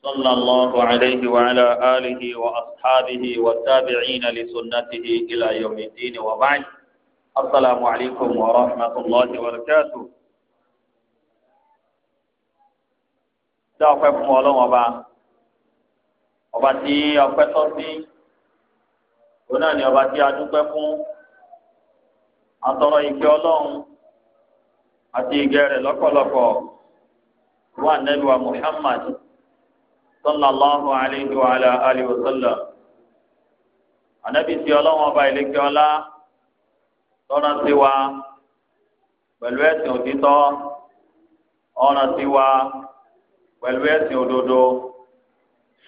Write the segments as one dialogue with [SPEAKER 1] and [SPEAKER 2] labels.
[SPEAKER 1] صلى الله عليه وعلى آله وأصحابه والتابعين لسنته إلى يوم الدين وبعد السلام عليكم ورحمة الله وبركاته dáwọ́pẹ́ fún ọlọ́run ọba ọba tí ọpẹ́ tọ́ sí òun náà ni ọba tí a dúpẹ́ fún àtọ̀rọ̀ ìkẹ́ ọlọ́run àti ìgẹ̀ rẹ̀ lọ́kọ̀lọ́kọ̀ wà nẹ́lùwà Muhammad صلى الله عليه وعلى آله وسلم النبي صلى الله عليه وسلم tọ́nà sí wa pẹ̀lú ẹ̀sìn òtítọ́ ọ̀nà sí wa pẹ̀lú ẹ̀sìn òdodo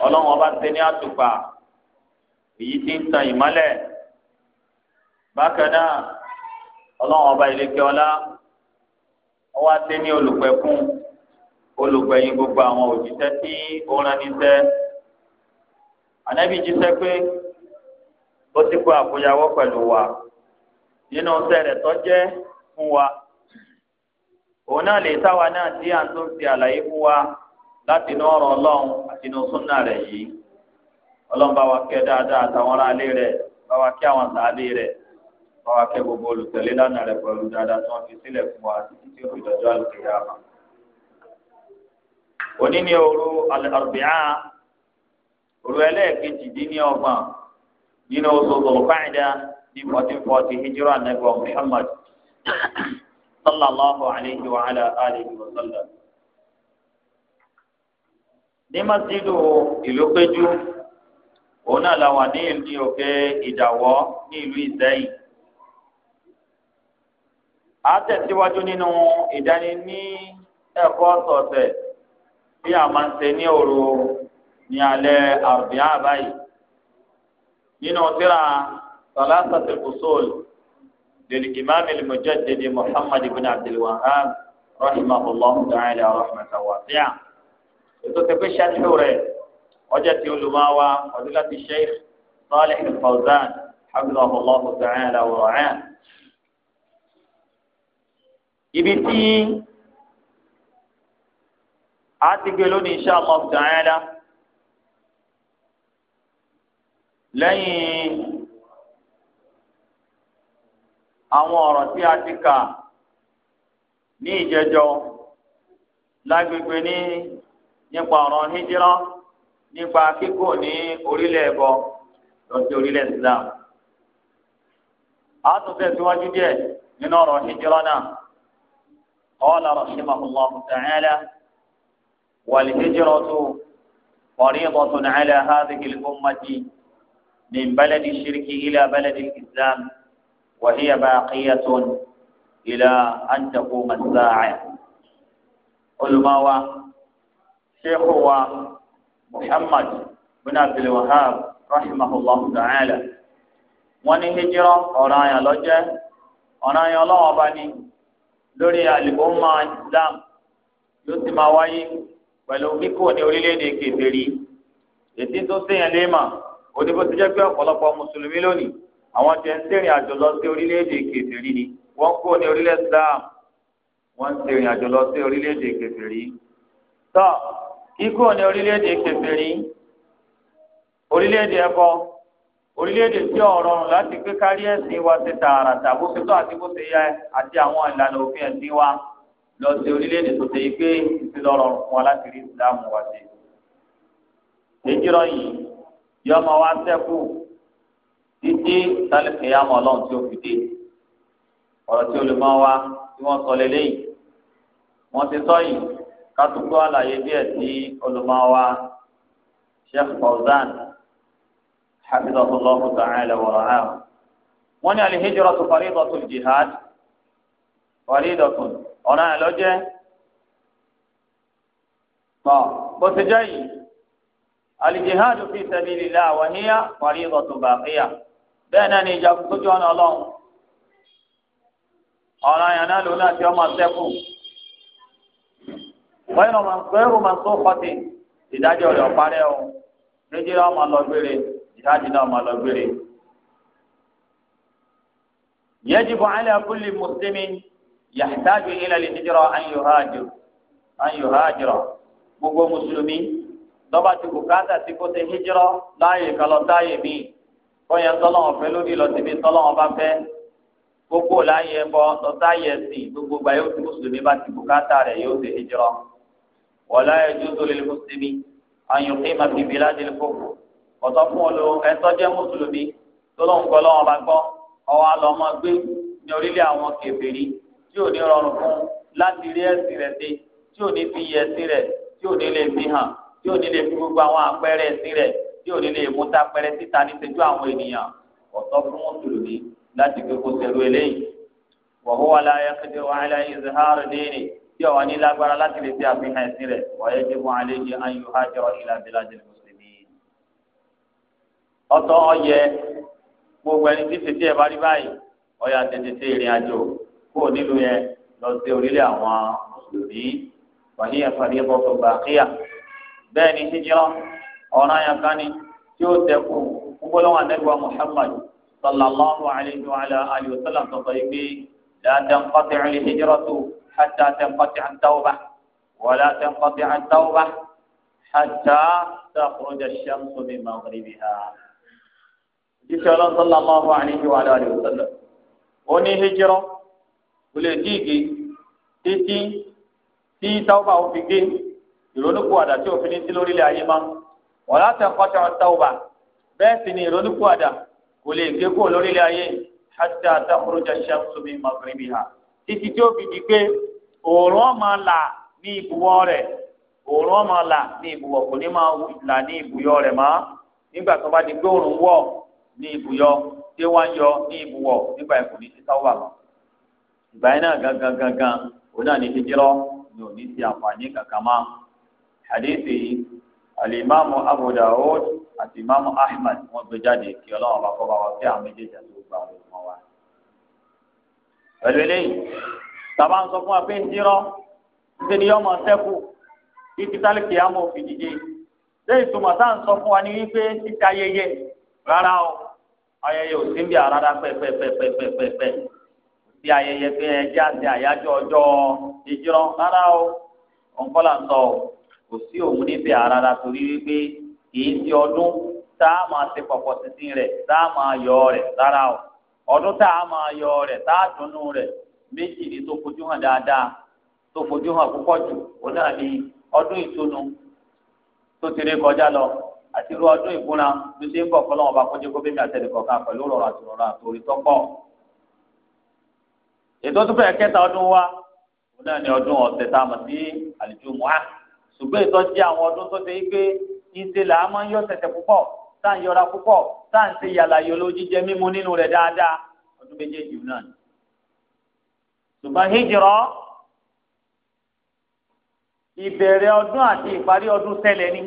[SPEAKER 1] ọlọ́run ọba ṣe ní àtùpà èyí tí ń tan ìmọ́lẹ̀ bákan náà ọlọ́run ọba ìlẹ́kẹ́ ọlá ọwá ṣe ní olùpẹ̀kún. olùgbẹ̀yìn gbogbo àwọn òjíṣẹ́ tí ó rán níṣẹ́ jíṣẹ́ pé ó ti kó àkóyawọ́ pẹ̀lú wa nínú sẹ́rẹ̀ tó jẹ́ fún wa òun náà lè táwa náà tí a ń tún fi àlàyé fún wa láti inú ọ̀rọ̀ ọlọ́run àti inú súnà rẹ̀ yìí ọlọ́run bá wa kẹ́ dáadáa àtàwọn rẹ̀ bá wa kẹ́ àwọn rẹ̀ bá wa kẹ́ gbogbo olùtẹ̀lé lánàá rẹ̀ pẹ̀lú dáadáa tí wọ́n fi sílẹ̀ fún wa títí tí ó fi àlùkò òní ni òru àrùbíà òru ẹlẹ́ẹ̀kejì dín ní ọgbọ̀n nínú oṣù Dhul-Qa'dah ní fourteen forty hijira nabi Muhammad sallallahu alayhi wa ala alihi wa sallam. ní masjidu ìlú péjú òun náà la ní ìlú òkè ìdàwọ́ ní ìlú Ìṣẹ́yìn a tẹ̀síwájú nínú ìdáni ẹ̀kọ́ ọ̀sọ̀ọ̀sẹ̀ bí a máa ń ṣe ní òru ní alẹ́ àrùbíà báyìí nínú tíra salasatul usul lil imam al-mujaddid muhammad ibn abdul wahhab rahimahullah ta'ala rahmatan wasi'a ètò tẹ̀pẹ́ ṣáṣú rẹ̀ ọjà tí olùmọ̀wá ọdúnláti sheikh salih al-fawzan hafizahullah ta'ala wa ra'an. ibi tí article ni gbé lónìí insha Allah lẹ́yìn àwọn ọ̀rọ̀ tí a ti kà ní ìjẹjọ lágbègbè ní nípa ọ̀rọ̀ hijira nípa kíkó ní orílẹ̀ ẹ̀bọ lọ sí orílẹ̀ Islam. a tún tẹ̀síwájú díẹ̀ nínú والهجرة فريضة على هذه الأمة من بلد الشرك إلى بلد الإسلام وهي باقية إلى أن تقوم الساعة علماء شيخ محمد بن عبد الوهاب رحمه الله تعالى وني هجرة ورايا لجة ورايا الله بني لوري الأمة الإسلام يتما وين pẹ̀lú kíkó ní orílẹ̀-èdè kèfèrí ètí tó sèyàn léèmọ̀ oníbo ti jẹ́ pé ọ̀pọ̀lọpọ̀ mùsùlùmí lónìí àwọn tẹ̀ ń sèrìn àjò lọ sí orílẹ̀-èdè kèfèrí ni wọ́n kó ní orílẹ̀ Islam wọ́n ń sèrìn àjò lọ sí orílẹ̀-èdè kèfèrí. tọ́ kíkó ní orílẹ̀-èdè kèfèrí orílẹ̀-èdè ẹ̀bọ orílẹ̀-èdè tí ọ̀rọ̀ rùn láti gbé kárí wa ti tààràtà bó ṣe tó àti bó ṣe yẹ àti àwọn ìlànà òfin ẹ̀sìn wa lọ sí orílẹ̀-èdè tó ṣe yí pé ìsìlọ́rọ̀ fún wa láti rí ìsìlámù wa ṣe. ìjírọ̀ yìí yọ ọmọ wa sẹ́kù títí sálẹ̀kẹ̀ yá mọ́ ọlọ́run tí ó fi dé ọ̀rọ̀ tí olùmọ̀ wa tí wọ́n sọ lélẹ́yìí wọ́n ti sọ yìí kátúgbọ́ àlàyé díẹ̀ sí olùmọ̀ wa Sheikh Fauzan hafizahullahu ta'ala wa ra'ahu wọ́n ní al-hijratu faridatun jihad faridatun ọ̀ràn ẹ̀ lọ́jẹ́ tọ́ bó ti jẹ́ yìí alìjìhádù fi sabilillah wa hiya faridatun baqiyah bẹ́ẹ̀ náà ni ìjagun tó jọ́ ọ̀nà ọlọ́run ọ̀ràn ẹ̀ náà lòun náà ti ọmọ sẹ́kù wẹ́rù màá tó kọ́tì ìdájọ́ rẹ̀ ọ̀parẹ́ o méjìlá ọmọ lọ́gbére ìdájọ́ náà ọmọ lọ́gbére. yajibu ala kulli muslimin yàtàjù ilẹ̀ ìdíjọ́rọ̀ ayọ̀hájọ́ gbogbo mùsùlùmí dọ́ba ti bùkátà tí kò tẹ hijrọ́ láàyè kan lọ sáàyè míì bọ́yẹ tọ́lọ́wọ́n fẹ́ lórí lọ síbi tọ́lọ́wọ́n bá fẹ́ gbogbo láàyè bọ́ lọ sáàyè sìn gbogbo gbà yóò ti mùsùlùmí bá ti bùkátà rẹ̀ yóò tẹ hijrọ́ wọ́lá ẹ̀jú tó lè mùsùlùmí ayọ̀kẹ́ ìmàkìbí láti lè fòkù ọ̀tọ́ fún olo ẹ̀tọ́ jẹ́ mùsùlùmí tọ́lọ́wọ́n gbọ́ lọ́wọ́n bá gbọ́ ọwọ́ àlọ́ ọmọ gbé ní orílẹ̀ àwọn kèfèrí tí ò ní rọrùn fún láti rí ẹ̀sìn rẹ̀ dé tí ò ní fi yẹ ẹ̀sìn rẹ̀ tí ò ní lè fi hàn tí ò ní lè fi gbogbo àwọn àpẹẹrẹ ẹ̀sìn rẹ̀ tí ò ní lè mú tápẹẹrẹ síta ní ṣẹ́jú àwọn ènìyàn ọ̀tọ̀ fún mùsùlùmí láti gbé kó sẹ̀rù eléyìí wọ̀hó wa la yẹ́kẹ́dẹ́ wa ala ìzìhárù déèrè tí ọ̀wá ní lágbára láti lè fi àfihàn ẹ̀sìn rẹ̀ wọ́yẹ jẹ́ fún alẹ́ yìí ayò hájọ́ ìlà bílájẹ́ mùsùlùmí. ọ̀tọ̀ ọ̀yẹ gbogbo ẹni tí tètè ẹ̀ bá rí báyìí ọ̀yà tètè tẹ ìrìn àjò kó nílùú yẹn lọ sí orílẹ̀ àwọn mùsùlùmí wàhí ẹ̀fọ́rí ẹ̀bọ̀ tó gbà kíyà bẹ́ẹ̀ ni hijira ọ̀ràn yẹn kan ni tí ó tẹ̀kù gbogbo anẹ́gbà Muhammad sallallahu alayhi wa alayhi wa sallam tó sọ pé láàdán pàtẹ́ ẹ̀rí hijira tó hàtà tẹ̀ pàtẹ́ àtàwọ̀bà wàlá tẹ̀ pàtẹ́ àtàwọ̀bà hàtà tàkùrọ̀jà sàmùsù mi màgàríbì ha. Jíṣẹ́ ọlọ́sọ́lá máa wà ní ìwà àlọ́ àlè òṣèlú. Ó ní hijira. kò lè dí ìgé títí tí táwọ́bà ó fi gé ìrónúkú àdá tí òfin ní sí lórílẹ̀ ayé má wọ́n láti ọkọ̀tà táwọ́bà bẹ́ẹ̀ sì ni ìrónúkú àdá kò lè gé kó lórílẹ̀ ayé hàtà àtàkùrọ̀jà ṣàkóso bi ha títí tí ó fi di pé òòrùn ọmọ là ní ibùwọ̀ rẹ̀ òòrùn ọmọ là ní ibùwọ̀ kò ní máa là ní rẹ̀ nígbà tó bá di pé wọ̀ ní tí wọ́n yọ ní nígbà ìgbà yẹn náà gangan gangan òun náà ní hijirọ́ ní òní ti àǹfààní kankan mọ́ hadithi alimami abu dawud àti ahmed gbé jáde kí bá bá wa àwọn méjèèjì àti gbogbo àwọn olùmọ̀ wa. pẹ̀lú eléyìí sábà ń sọ fún wa pé ń dirọ́ ṣe ni yọmọ sẹ́kù kí títàlì kìámọ̀ òfin dìde ṣé ìtumọ̀ ń sọ fún wa ní wípé ayẹyẹ rárá o ayẹyẹ ò sí ń bí sí ayẹyẹ pé ẹjẹ́ àti àyájọ́ ọjọ́ ìjírọ̀ rárá o ọ̀nkọ́là sọ kò sí òun níbẹ̀ arára torí wípé kìí ti ọdún tá a máa ṣe pọ̀pọ̀ títí rẹ̀ tá a máa yọ rẹ̀ rárá o ọdún tá a máa yọ rẹ̀ tá a dùnnú rẹ̀ méjì ni tó fojú hàn dáadáa tó fojú hàn púpọ̀ jù ó náà ní ọdún tó ti rí kọjá lọ àti irú ọdún ìbúra tó ṣe ètò tó bẹ̀rẹ̀ kẹta ọdún wa òun náà ní ọdún ọ̀sẹ̀ tá a mọ̀ sí àlùjùmọ́à ṣùgbọ́n ètò jẹ́ àwọn ọdún tó ṣe pé ìṣe là á máa ń yọ tẹ̀tẹ̀ púpọ̀ tá à ń yọra púpọ̀ tá à ń ṣe yàlàyé olójíjẹ mímu nínú rẹ̀ dáadáa ọdún méjèèjì náà ni. ṣùgbọ́n hijrọ́ ìbẹ̀rẹ̀ ọdún àti ìparí ọdún tẹ́lẹ̀ ni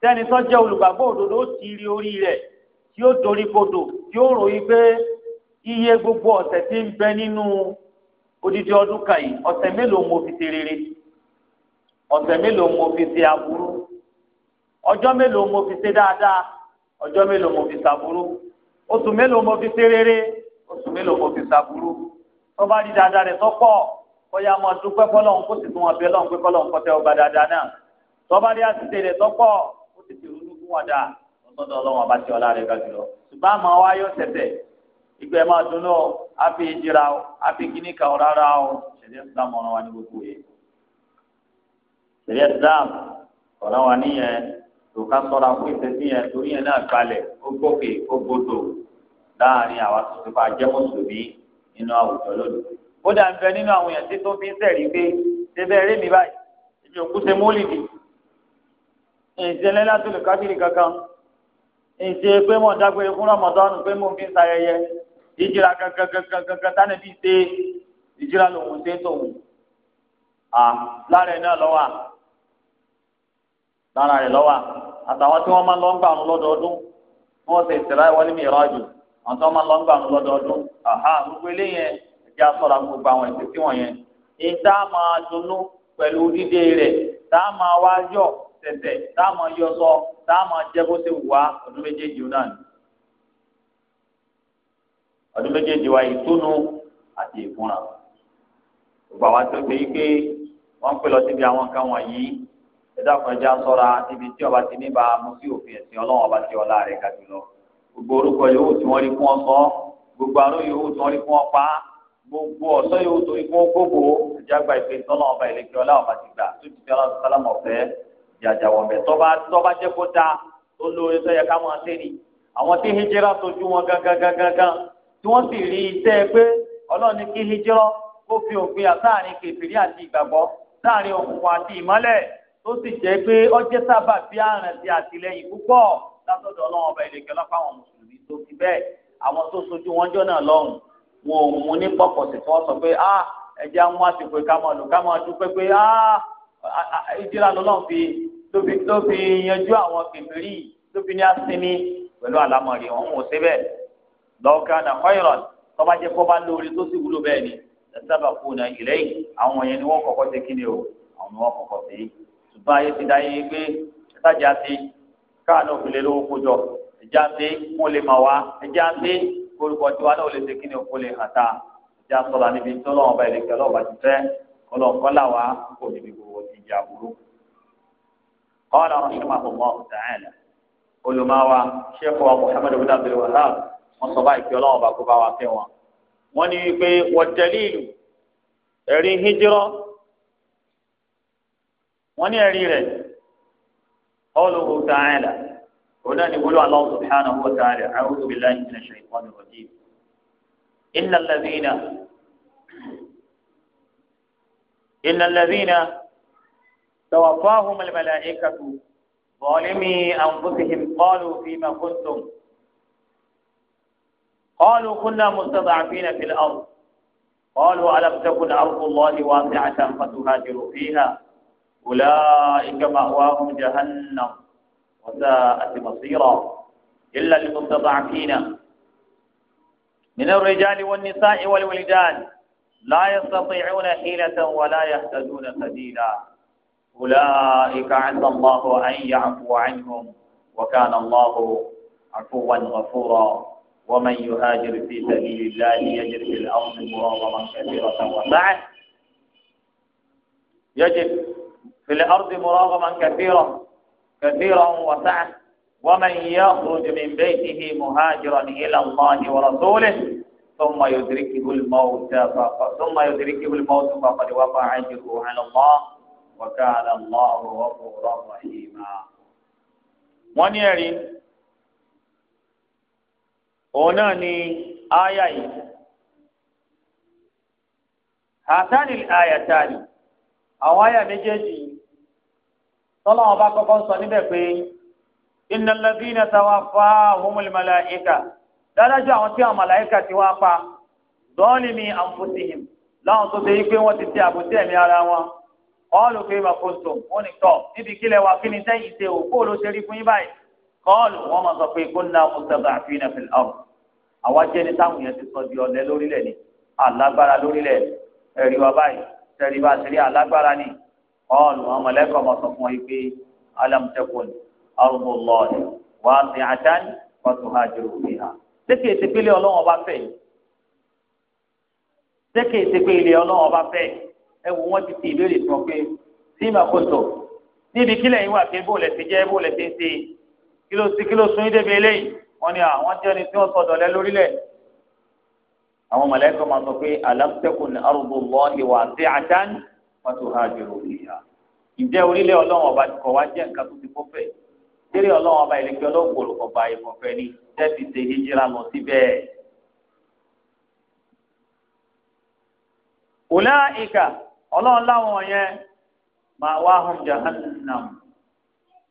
[SPEAKER 1] sẹ́ni tó jẹ́ olùgbàgbọ́ òdodo ti rí orí rẹ̀ tí ó dorí kodò tí ó ròyìn pé iye gbogbo ọ̀sẹ̀ tí ń bẹ nínú odidi ọdún kan yìí ọ̀sẹ̀ mélòó mo fi ṣe rere ọ̀sẹ̀ mélòó mo fi ṣe aburú ọjọ́ mélòó mo fi ṣe dáadáa ọjọ́ mélòó mo fi ṣàburú oṣù mélòó mo fi ṣe rere oṣù mélòó mo fi ṣàburú tó bá di dáadáa rẹ̀ sọ́pọ̀ kọ́ya mọ́ dúpẹ́ fọlọ́hún kó sì tún wọn bẹ́ẹ̀ lọ́hún pé fọlọ́hún kọ́tẹ́ ọgbà dáadáa náà tó bá di àṣìṣe rẹ̀ sọ́pọ̀ ó ti ti rúnú fún wọn dáa lọ́sọ̀dọ̀ ọlọ́run àbá ọlá rẹ̀ ga jùlọ ṣùgbọ́n àmọ́ wáyọ̀ tẹ̀tẹ̀ ìgbà ẹ máa dùn náà á fi ìjìra o á fi kíní kan o rárá o ṣẹlẹ̀ islam ọ̀ràn wa ní gbogbo yẹn ṣẹlẹ̀ islam ọ̀ràn wa níyẹn lòkà sọ̀rọ̀ àwọn ìfẹsí yẹn torí yẹn náà gbalẹ̀ ó gbókè ó gbódò láàrin àwa tuntun fún ajẹmọsùnmí nínú àwùjọ lónìí ó dà ń bẹ nínú àwọn èèyàn tí tó fi ń sẹ̀rí pé ṣe bẹ́ẹ̀ rí mi báyìí èmi ò kú ṣe mólìdì ìṣẹ̀lẹ̀ látòlù kábìrì kankan ìṣe pé mo dágbére fún rọmọdánù pé mo fi ń sayẹyẹ ìjìrà kankankankankan tánà bíi ṣe ìjìrà lòun ṣe tòun à lára ẹ̀ náà lọ́wọ́ lára rẹ̀ lọ́wọ́ àtàwọn tí wọ́n máa lọ ń gbà ń lọ́dọọdún wọ́n ṣe ìṣẹ̀lá ìwọlé mi ìrọ́jù àwọn tí wọ́n máa lọ ń gbà ń lọ́dọọdún àhá gbogbo eléyẹn ẹ̀jẹ̀ asọ̀rọ̀ gbogbo àwọn ìṣe sí wọ̀nyẹn ìta máa dunnú pẹ̀lú dídé rẹ̀ tá a máa wá yọ̀ tẹ̀tẹ̀ tá a máa yọ sọ tá a máa jẹ́ bó ṣe wù wá ọdún méjèèjì náà ni ọdún méjèèjì wa ìtúnu àti ìfúnra gbogbo àwọn tó gbé yí pé wọn ń pè lọ síbi àwọn nǹkan wọ̀nyí ẹ̀dá kan ẹja ṣọ́ra níbi tí ọba ti níbà mú sí òfin ẹ̀sìn Ọlọ́run ọba ti ọlá rẹ̀ ga jùlọ gbogbo orúkọ yòówù tí wọ́n rí fún ọsọ gbogbo àrùn yòówù tí wọ́n rí fún ọpá gbogbo ọsọ yòówù tó rí fún gbogbo ẹja gba ìpè sọlọ ọba ìlẹkẹ ọlá ọba ti gbà tó ti fi Ọlọ́run sálámù ọfẹ jàjà wọn bẹ tọba tọba jẹ kó dáa tó lóore sọ yẹ ká máa tẹ̀lé àwọn tí hijira sojú wọn gángan gángan gángan tí wọ́n sì rí iṣẹ́ pé ọlọ́run ní kí hijrọ́ ó fi òpin àtàrin kẹfìrí àti ìgbàgbọ́ láàrin òkùnkùn àti ìmọ́lẹ̀ tó sì jẹ́ pé ọjẹ́ sábà bí àrùn àtìlẹ́yìn púpọ̀ látọ̀dọ̀ ọlọ́run ọba ìlẹ̀kẹ́ lọ́pàá àwọn mùsùlùmí tó ti bẹ́ẹ̀ àwọn tó sojú wọn jọ náà lọ́rùn wọn ò mú ní pọ̀pọ̀sì tí wọ́n sọ pé a ah, ẹ̀jẹ̀ á mú àsìkò ìkámọ̀lù kámọ̀ dúpẹ́ pé ah, a ìdílà lọ́lọ́run fi ló fi yanjú àwọn kẹfìrí ló fi ní àsinmi pẹ̀lú àlámọ̀rí wọn ò ṣe bẹ́ẹ̀ lọ́ọ̀ká na kọ́ìrọ̀n tọ́ba jẹ́ kọ́ba lórí tó sì wúlò bẹ́ẹ̀ ni sábà kú na ilé yìí àwọn yẹn ni wọ́n kọ́kọ́ ṣe kíni o àwọn ni wọ́n kọ́kọ́ ṣe é ṣùgbọ́n ayé ti dáyé pé sájà ṣe káàánú òfìlẹ̀ lówó kójọ ẹ̀já ṣe kó lè mà wá ẹ̀já ṣe kórìkọ tiwa náà lè ṣe kíni o kó lè hàn tá ẹ̀já sọ̀rọ̀ níbi tó lọ́wọ́ bá ilé kẹ́ ti fẹ́ ọlọ́ọ̀kọ́ là wá kó níbi قال رحمه الله تعالى علماء شيخ محمد بن عبد wọ́n sọ báyìí pé ọlọ́run ọba kó bá wa fẹ́ wọn. wọ́n ní wípé wọ́tẹ́lì ìlú ẹ̀rí hijrọ́ wọ́n ní ẹ̀rí rẹ̀ ọlọ́run ta'ala òun náà ní wúlò Allah subhanahu wa ta'ala a'udhu billahi minash shaytanir rajim. innal ladhina innal ladhina tawaffahumul mala'ikatu ظالمي أنفسهم قالوا فيما كنتم قالوا كنا مستضعفين في الأرض قالوا ألم تكن أرض الله واسعة فتهاجروا فيها أولئك مأواهم جهنم وساءت مصيرا إلا للمستضعفين من الرجال والنساء والولدان لا يستطيعون حيلة ولا يهتدون سبيلا أولئك عسى الله أن يعفو عنهم وكان الله عفوا غفورا ومن يهاجر في سبيل الله يجد في الأرض مراغما كثيرة وسعة يجد في الأرض مراغما كثيرا كثيرا وسعة ومن يخرج من بيته مهاجرا إلى الله ورسوله ثم يدركه الموت ثم يدركه الموت فقد وقع أجره على الله وكان الله غفورا رحيما. ونيري òun náà ni àyà yìí hàtánì àyà tààlì àwọn àyà méjèèjì tọ́lá wọn bá kọ́kọ́ sọ níbẹ̀ pé innal ladhina tawaffahumul malaika dájú àwọn tí àwọn màláìka ti wá pa zalimi anfusihim láwọn tó ṣe yí pé wọ́n ti ṣe àbòsí ẹ̀mí ara wọn qalu fima kuntum wọ́n ní tọ́ níbi kílẹ̀ wa kí ni sẹ́yìn ṣe òkú ló fún yín báyìí kọ́ọ̀lù wọ́n máa sọ pé kóńdà mùsàlùmí àfihàn fi ọ̀rọ̀ àwa jẹ́ ní táwọn yẹn ti sọ di ọ̀lẹ lórílẹ̀ ni alágbára lórílẹ̀ ẹ̀rí wa báyìí tẹ̀rí bá ṣe rí alágbára ni kọ́ọ̀lù wọn mọ̀lẹ́kọ̀ máa sọ fún ọ pé alámùtẹ́kùn arúgbó lọ́ọ̀dì wà á sin àjá ní kọ́tù hajjúrò fìhà. sékè ètèpé ilé ọlọ́wọ́n sékè ètèpé ilé ọlọ́wọ́n bá fẹ́ ẹ wò wọ́n ti ti ìbéèrè sọ pé sí ìmàkóso níbi kílẹ̀ yín wà pé bó Kilo, ló kilo, kí ló sún yín débi eléyìí wọ́n ní àwọn jẹ́ ni tí wọ́n sọ̀dọ̀ lẹ́ lórílẹ̀ àwọn mọ̀lẹ́kọ̀ máa sọ pé alámsẹ́kùn ní ardullahi wasi'atan fatuhajiru fiha ǹjẹ́ orílẹ̀ ọlọ́run ọba kọ̀ wá jẹ́ nǹkan tó ti kó fẹ́ kéré ọlọ́run ọba ìlẹ́kẹ́ ọlọ́gbòrò ọba ìfọ̀fẹ́ ni jẹ́ ti ṣe hijira lọ síbẹ̀. ulaika ọlọ́run láwọn yẹn ma'wahum jahannam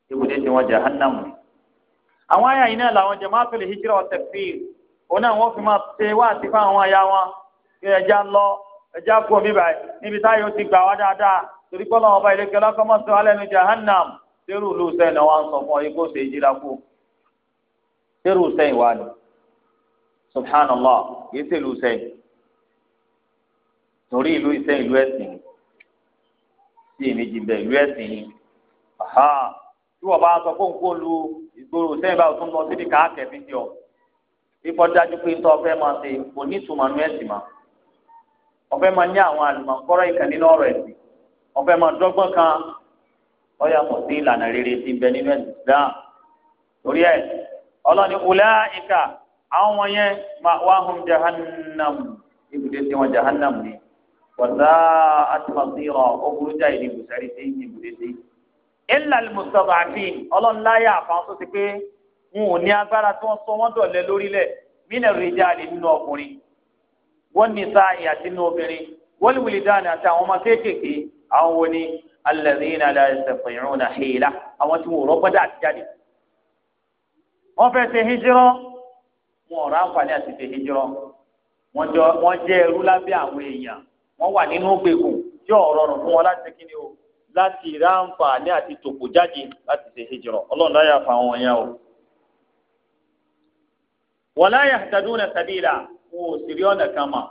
[SPEAKER 1] ibùdó tí wọ́n jahannam ni àwọn àyà yìí náà làwọn Jama'atul Hijra wa Takfir òun náà wọ́n fi máa ṣe wá àti fún àwọn àyà wọn kí ẹja ń lọ ẹja kú omi báyìí níbi táyọ̀ ti gbà wá dáadáa torí pé ọlọ́wọ́n ọba ìlẹ́kẹ́ lọ́kọ́mọ́ sọ alẹ́ nu jahannam tẹ́rù ìlú sẹ́yìn náà wà sọ fún ọ yìí ṣe ìjìlá kú tẹ́rù sẹ́yìn wà ní subhanallah yìí tẹ́rù sẹ́yìn torí ìlú ìsẹ́yìn ìlú ẹ̀sìn sí èméjì bẹ́ẹ̀ ìlú tí wọ́n bá sọ fún kó lu ìgboro sẹ́yìn báwo tó ń lọ síbi káàkẹ́ fi jọ ìfọ́ dájú pé tó ọfẹ́ máa ṣe kò ní ìtumọ̀ nú ẹ̀sìn mọ́ ọfẹ́ máa ní àwọn àlùmọ̀kọ́rọ̀ ìkàn nínú ọ̀rọ̀ ẹ̀sìn ọfẹ́ máa dọ́gbọ́n kan ọyà kò sí ìlànà rere ti bẹ nínú ẹ̀sìn dáhùn torí ẹ̀ ọlọ́ni kùlẹ́ ìkà àwọn ọmọ yẹn máa wá hùn jahannam ibùdó tí wọn jahannam ni wọ́n sá àtìmọ̀ sí ọ̀ illa al-mustad'afin ọlọ́nláyà àfàwọn tó ti pé wọn ò ní agbára tí wọ́n sọ wọ́n dọ̀lẹ́ lórílẹ̀ mina rijali nínú ọkùnrin wọ́n ní sáàyè àti nínú obìnrin wilidani àti àwọn ọmọ kéékèèké àwọn wo ni alladhina la yastati'una hila àwọn tí wọn ò rọ́gbọ́dá àti jáde wọ́n fẹ́ ṣe hijirọ́ wọn ò ráǹfààní àti ṣe láti ráǹfààní àti tòkò jáde láti ṣe hijira ọlọ́run láyà fa àwọn yẹn o. wala yahtaduna sabila wọn ò sì rí ọ̀nà kan mà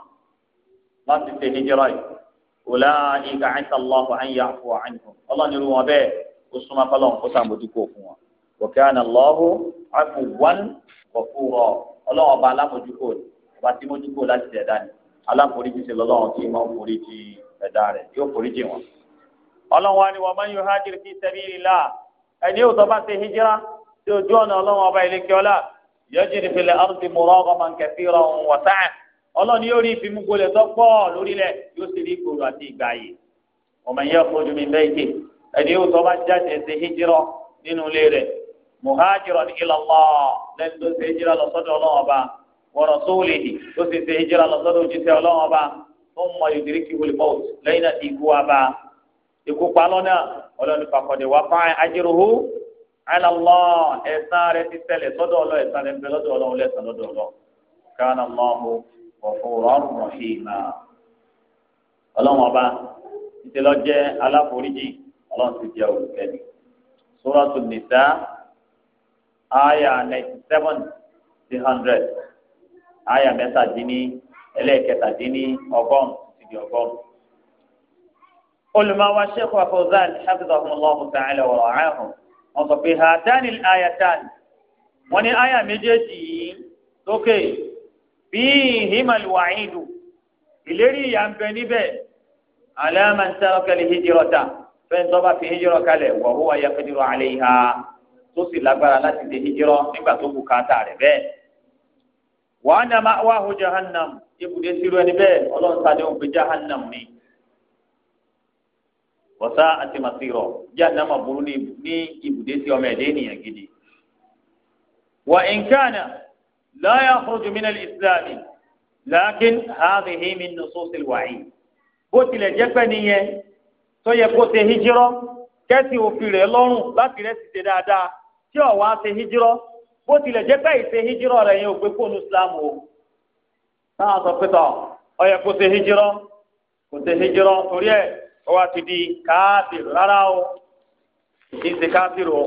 [SPEAKER 1] láti ṣe hijira yìí. ulaika asa an ya'fu anhum ọlọ́run irú wọn bẹ́ẹ̀ ó súnmọ́ fọlọ́run kó sàmójúkò fún wọn. wa kana Allahu afuwan ghafura ọlọ́run ọba alámójúkò ọba tí mójúkò láti ṣẹ̀dá ni ṣe ọlọ́run wa ni wọ́n máa ń yọ hajiri fi sabilillah ẹni yóò tọ́ bá ṣe hijira tí ojú ọ̀nà ọlọ́run ọba ìlẹ́kẹ́ ọlá yajri fil ardi muragaman kathiran wa sa'a ọlọ́run yóò rí ìfimú gbolẹ̀ tó pọ̀ lórílẹ̀ yóò sì rí ìgboro àti ìgbà yìí ọmọ yẹn fojú mi bẹ́ẹ̀ dé ẹni yóò tọ́ bá jáde ṣe hijira nínú ikú pa lọ́nà ọlọ́ni fàkọ̀dé wà fún ajíròhó àlà ẹ̀sán rẹ ti tẹ̀lẹ̀ sọ́dọ̀ ọlọ́ ẹ̀sán rẹ bẹ lọ́dọ̀ ọlọ́run lẹ́sàn lọ́dọ̀ ọlọ́ kánà lọ́mú ọ̀fọ̀rọ̀rùn ọba ìtẹ́ lọ aláforíjì ọlọ́run ti àyà ninety seven hundred àyà mẹ́tàdínní ẹlẹ́ẹ̀kẹtàdínní ọgọ́rùn-ún ti di ọgọ́rùn olùmọ̀wá sheikh afọ́zán hafizahumullahu ta'ala wa ra'ahum wọn sọ pé hàtánì ayatán wọn ní àyà méjèèjì yìí lókè bíi himal wàhídù ìlérí ìyà ń bẹ níbẹ̀ aláàmà ń sáré kẹlẹ̀ hijirọ́ta fẹ́ẹ́ tó bá fi hijirọ́ kalẹ̀ wa huwa yaqdiru alayha tó sì lágbára láti dé hijirọ́ nígbà tó bùkátà rẹ̀ bẹ́ẹ̀ wàhánà máa wáhù jahannam ibùdó sírú ẹni bẹ́ẹ̀ ọlọ́run ta òun fi jahannam ni wọ́sá àti màsírọ̀ jahannama burú ní ibùdó sí ọmọ ẹ̀dẹ́ ènìyàn gidi. wà nǹkan la yakhruju min al-islam lakin hadhihi min nusus al-wa'id. bó tilẹ̀ jẹ́ pẹ́ nìyẹn tó yẹ kó ṣe hijirọ́ kẹ́sì òfin rẹ̀ lọ́rùn láti rẹ̀ sì ṣe dáadáa tí ọ̀wá ṣe hijirọ́ bó tilẹ̀ jẹ́ pé ìṣe hijirọ́ rẹ̀ yẹn ò gbé kóònù islam o ọwọ́ ti di káfíìrì rárá o kì í ṣe káfíìrì o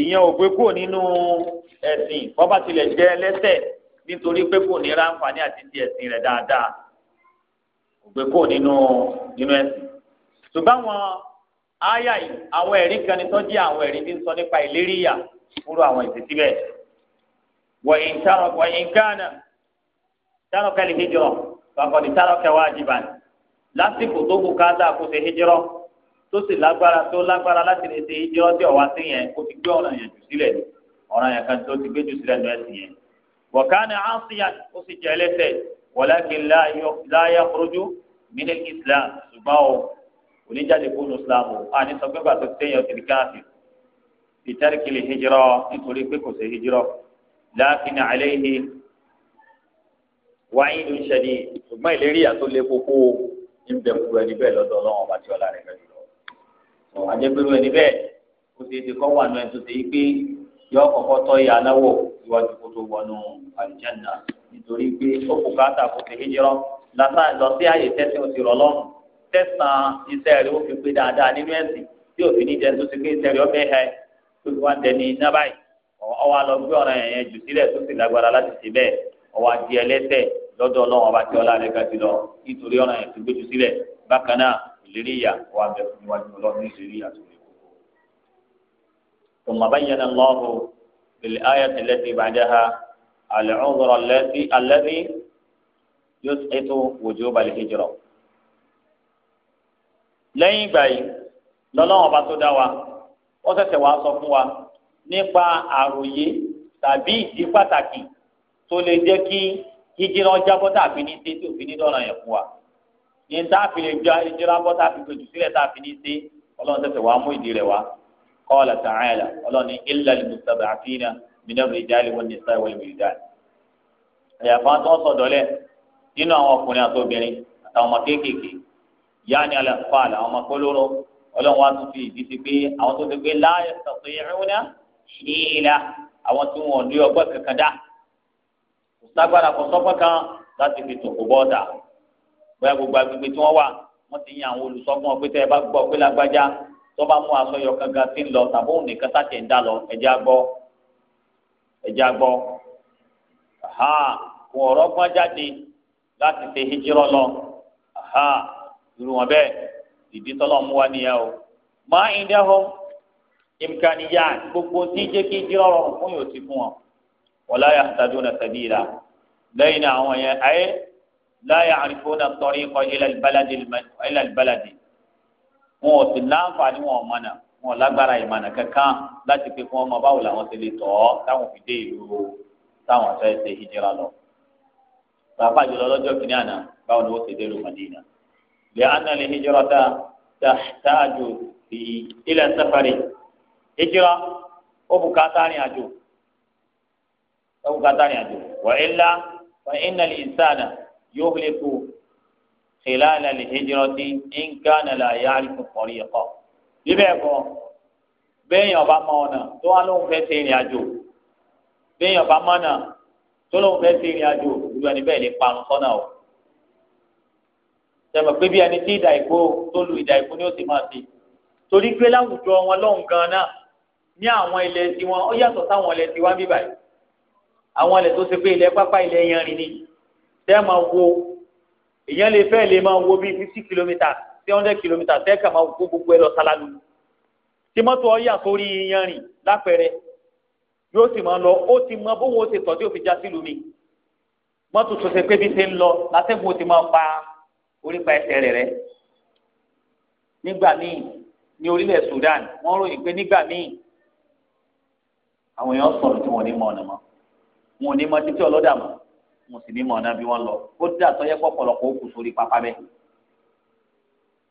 [SPEAKER 1] ìyẹn ò gbé kúrò nínú ẹ̀sìn bọ́bá tilẹ̀ jẹ́ ẹlẹ́ṣẹ̀ nítorí pé kò ní ra nfààní àti ti ẹ̀sìn rẹ̀ dáadáa ò gbé kúrò nínú nínú ẹ̀sìn. ṣùgbọ́n àwọn ááyà yìí àwọn ẹ̀rí kan ni tó jẹ́ àwọn ẹ̀rí tí ń sọ nípa ìlérí ìyà fúru àwọn ìsìtì bẹ́ẹ̀. wọ̀nyí ń tàrọ̀ wọ̀nyí ń gánà tàrọ̀ kẹ́lì hijrọ̀ bàbá ni lásìkò tó kù káàtà kó ṣe hijrọ tó sì lágbára tó lágbára láti lè ṣe hijrọ tí ọwá sí yẹn kó ti gbé ọ̀ràn yẹn jù sílẹ̀ ọ̀ràn yẹn kan tó ti gbé jù sílẹ̀ lọ́ẹ̀sì yẹn wọ̀kánì àǹsíyàn ó sì jẹ́ ẹlẹ́sẹ̀ wọ̀lákin láyà kúrójú mílẹ̀ islam ṣùgbọ́n o oníjáde kó nu islam o a ní sọ pé gbàtọ́ sẹ́yìn ti di káàfì ìtẹ́rìkìlì hijrọ nítorí pé kò ṣe hijrọ láàfin àlẹ́ yìí wáyé ló ń ṣẹlẹ̀ ṣùgbọ́n ìlérí àtúnlẹ̀ kókó o ń bẹ kúrò ẹni bẹ́ẹ̀ lọ́dọ̀ ọlọ́run ọba tí ọlá rẹ̀ fẹ́ẹ́ lọ. àjẹgbẹ́rú ẹni bẹ́ẹ̀ kó ṣe é ṣe kọ́ wà nù ẹ̀ tó ṣe yí pé yọ kọ́kọ́ tọ́ ìyá aláwọ̀ iwájú kó tó wọnú àlùjáná nítorí pé ó kò káàtà kó ṣe hijira lọ sí àyè tẹ́sán ó ti rọ̀ lọ́rùn tẹ́sán iṣẹ́ rẹ̀ ó fi pé dáadáa nínú ẹ̀sìn tí ò fi ní jẹ́ tó ṣe pé iṣẹ́ rẹ̀ ó fẹ́ hẹ́ tó fi wá ń tẹni iná báyìí ọwọ́ alọ́gbé ọ̀ràn yẹn jù sílẹ̀ tó sì lágbára láti ṣe bẹ́ẹ̀ ọwọ́ adìẹ lẹ́sẹ̀ lọ́dọ̀ ọlọ́run ọba tí ọlá rẹ̀ ga jùlọ nítorí ọ̀ràn yẹn tó gbójú sílẹ̀ bákan náà ìlérí ìyà wà bẹ̀ fún iwájú ọlọ́run ní ìlérí ìyà tó lè kó. ثم بين الله بالآية التي lẹ́yìn ìgbà yìí tó wa ó ṣẹ̀ṣẹ̀ wàá wa nípa àròyé tàbí ìdí pàtàkì tó lè ìjìnlẹ̀ ọjà bọ́tà àfi ní ṣe tí òfin ní dọ́nà yẹn fún wa ní n táàfin lè gba ìjìnlẹ̀ bọ́tà àfi pẹ̀lú sílẹ̀ táàfin ní ṣe ọlọ́run tẹ̀sẹ̀ wàá mú ìdí rẹ̀ wá qala ta'ala ọlọ́run ní illa al-mustad'afina min ar-rijali wan-nisa'i wal àyàfà tó ń sọ̀dọ̀lẹ̀ nínú àwọn ọkùnrin àti àtàwọn ọmọ kéékèèké yáni al-atfal àwọn lágbára kò sọ́pọ̀ kan láti fi tòkó bọ́ọ̀dà bóyá gbogbo agbègbè tí wọ́n wà wọ́n ti yan àwọn olùsọ́gbọ́n pé tẹ́ ẹ bá gbọ́ pé lágbájá tó bá mú aṣọ yọ kankan sí ń lọ tàbí òun nìkan sàtẹ̀ ń dá lọ ẹ̀jẹ̀ agbọ́ ẹ̀jẹ̀ agbọ́ kò ọ̀rọ̀ gbọ́n jáde láti ṣe hijirọ́ lọ irú wọn bẹ́ẹ̀ ìdí tọ́lọ̀ mú wa nìyẹn o máa ń dẹ́hùn ìmùkànnìyà gbogbo tí jẹ́ kí hijirọ́ rọrùn fún yóò ti fún wọn wala yahtaduna sabila lẹ́yìn náà àwọn yẹn ayé la ya'rifuna tariqa ila albaladi ila albaladi wọn ò sì láǹfààní wọn ò mọ̀nà wọn ò lágbára ìmọ̀nà kankan láti pé fún ọmọ báwo làwọn ti lè tọ̀ ọ́ táwọn fi dé ìlú táwọn fẹ́ ṣe hijira lọ. bàbá àjọlọ lọ́jọ́ kìíní àná báwo ni wọ́n ti dé ìlú Madina. lè àná lè hijira ta tahtaaju fi ila safari hijira ó bùkátà rìn àjò ẹkú kata ní àjò wà ilá wà iná lè sànà yóò lè kó xìlá àlà lè hejìrọ tí nǹkan nà là yà á lè fún kọrí ẹkọ. bíbẹ̀ kọ́ bẹ́ẹ̀yàn ọba mọ ọ̀nà tó wà lóun fẹ́ ṣe ìrìn àjò bẹ́ẹ̀yàn ọba mọ ọ̀nà tó lóun fẹ́ ṣe ìrìn àjò ìlú ẹni bẹ́ẹ̀ lè parun sọ́nà o. sẹ́mi pé bí ẹni tí ìdà ìkó tó lu ìdà ìkó ni ó sì máa ṣe torí pé láwùjọ wọn lọ́hùn gan-an ní àwọn ilẹ̀ tiwọn ó yàtọ̀ sáwọn ilẹ̀ tiwa bíbáyìí àwọn ilẹ̀ tó ṣe pé ilẹ̀ pápá ilẹ̀ yanrìn ni tẹ́ máa wo èèyàn lè fẹ́ lè máa wo bíi fifty kilometres sí hundred kilometres tẹ́ kà máa wo gbogbo ẹ lọ sálálú tí mọ́tò ọ̀yà sórí yanrìn lápẹ̀rẹ̀ yóò sì máa lọ ó ti mọ bóun ó ti tọ̀ tí ó fi já sílùú mi mọ́tò tó ṣe pé bí ṣe ń lọ látẹ́gùn ó ti máa pa orípa ẹsẹ̀ rẹ̀ rẹ́ nígbà míì ní orílẹ̀ Sudan wọ́n ròyìn pé nígbà míì àwọn èèyàn sọ̀rọ̀ tí wọ́n ní mọ̀ ọ̀nà mọ́ wọn ò ní mọ títí ọlọ́dà mọ́ wọn sì ní mọ̀ náà bí wọ́n lọ ó dà tó yẹ pọ̀pọ̀lọpọ̀ òkú sórí pápá bẹ́ẹ̀.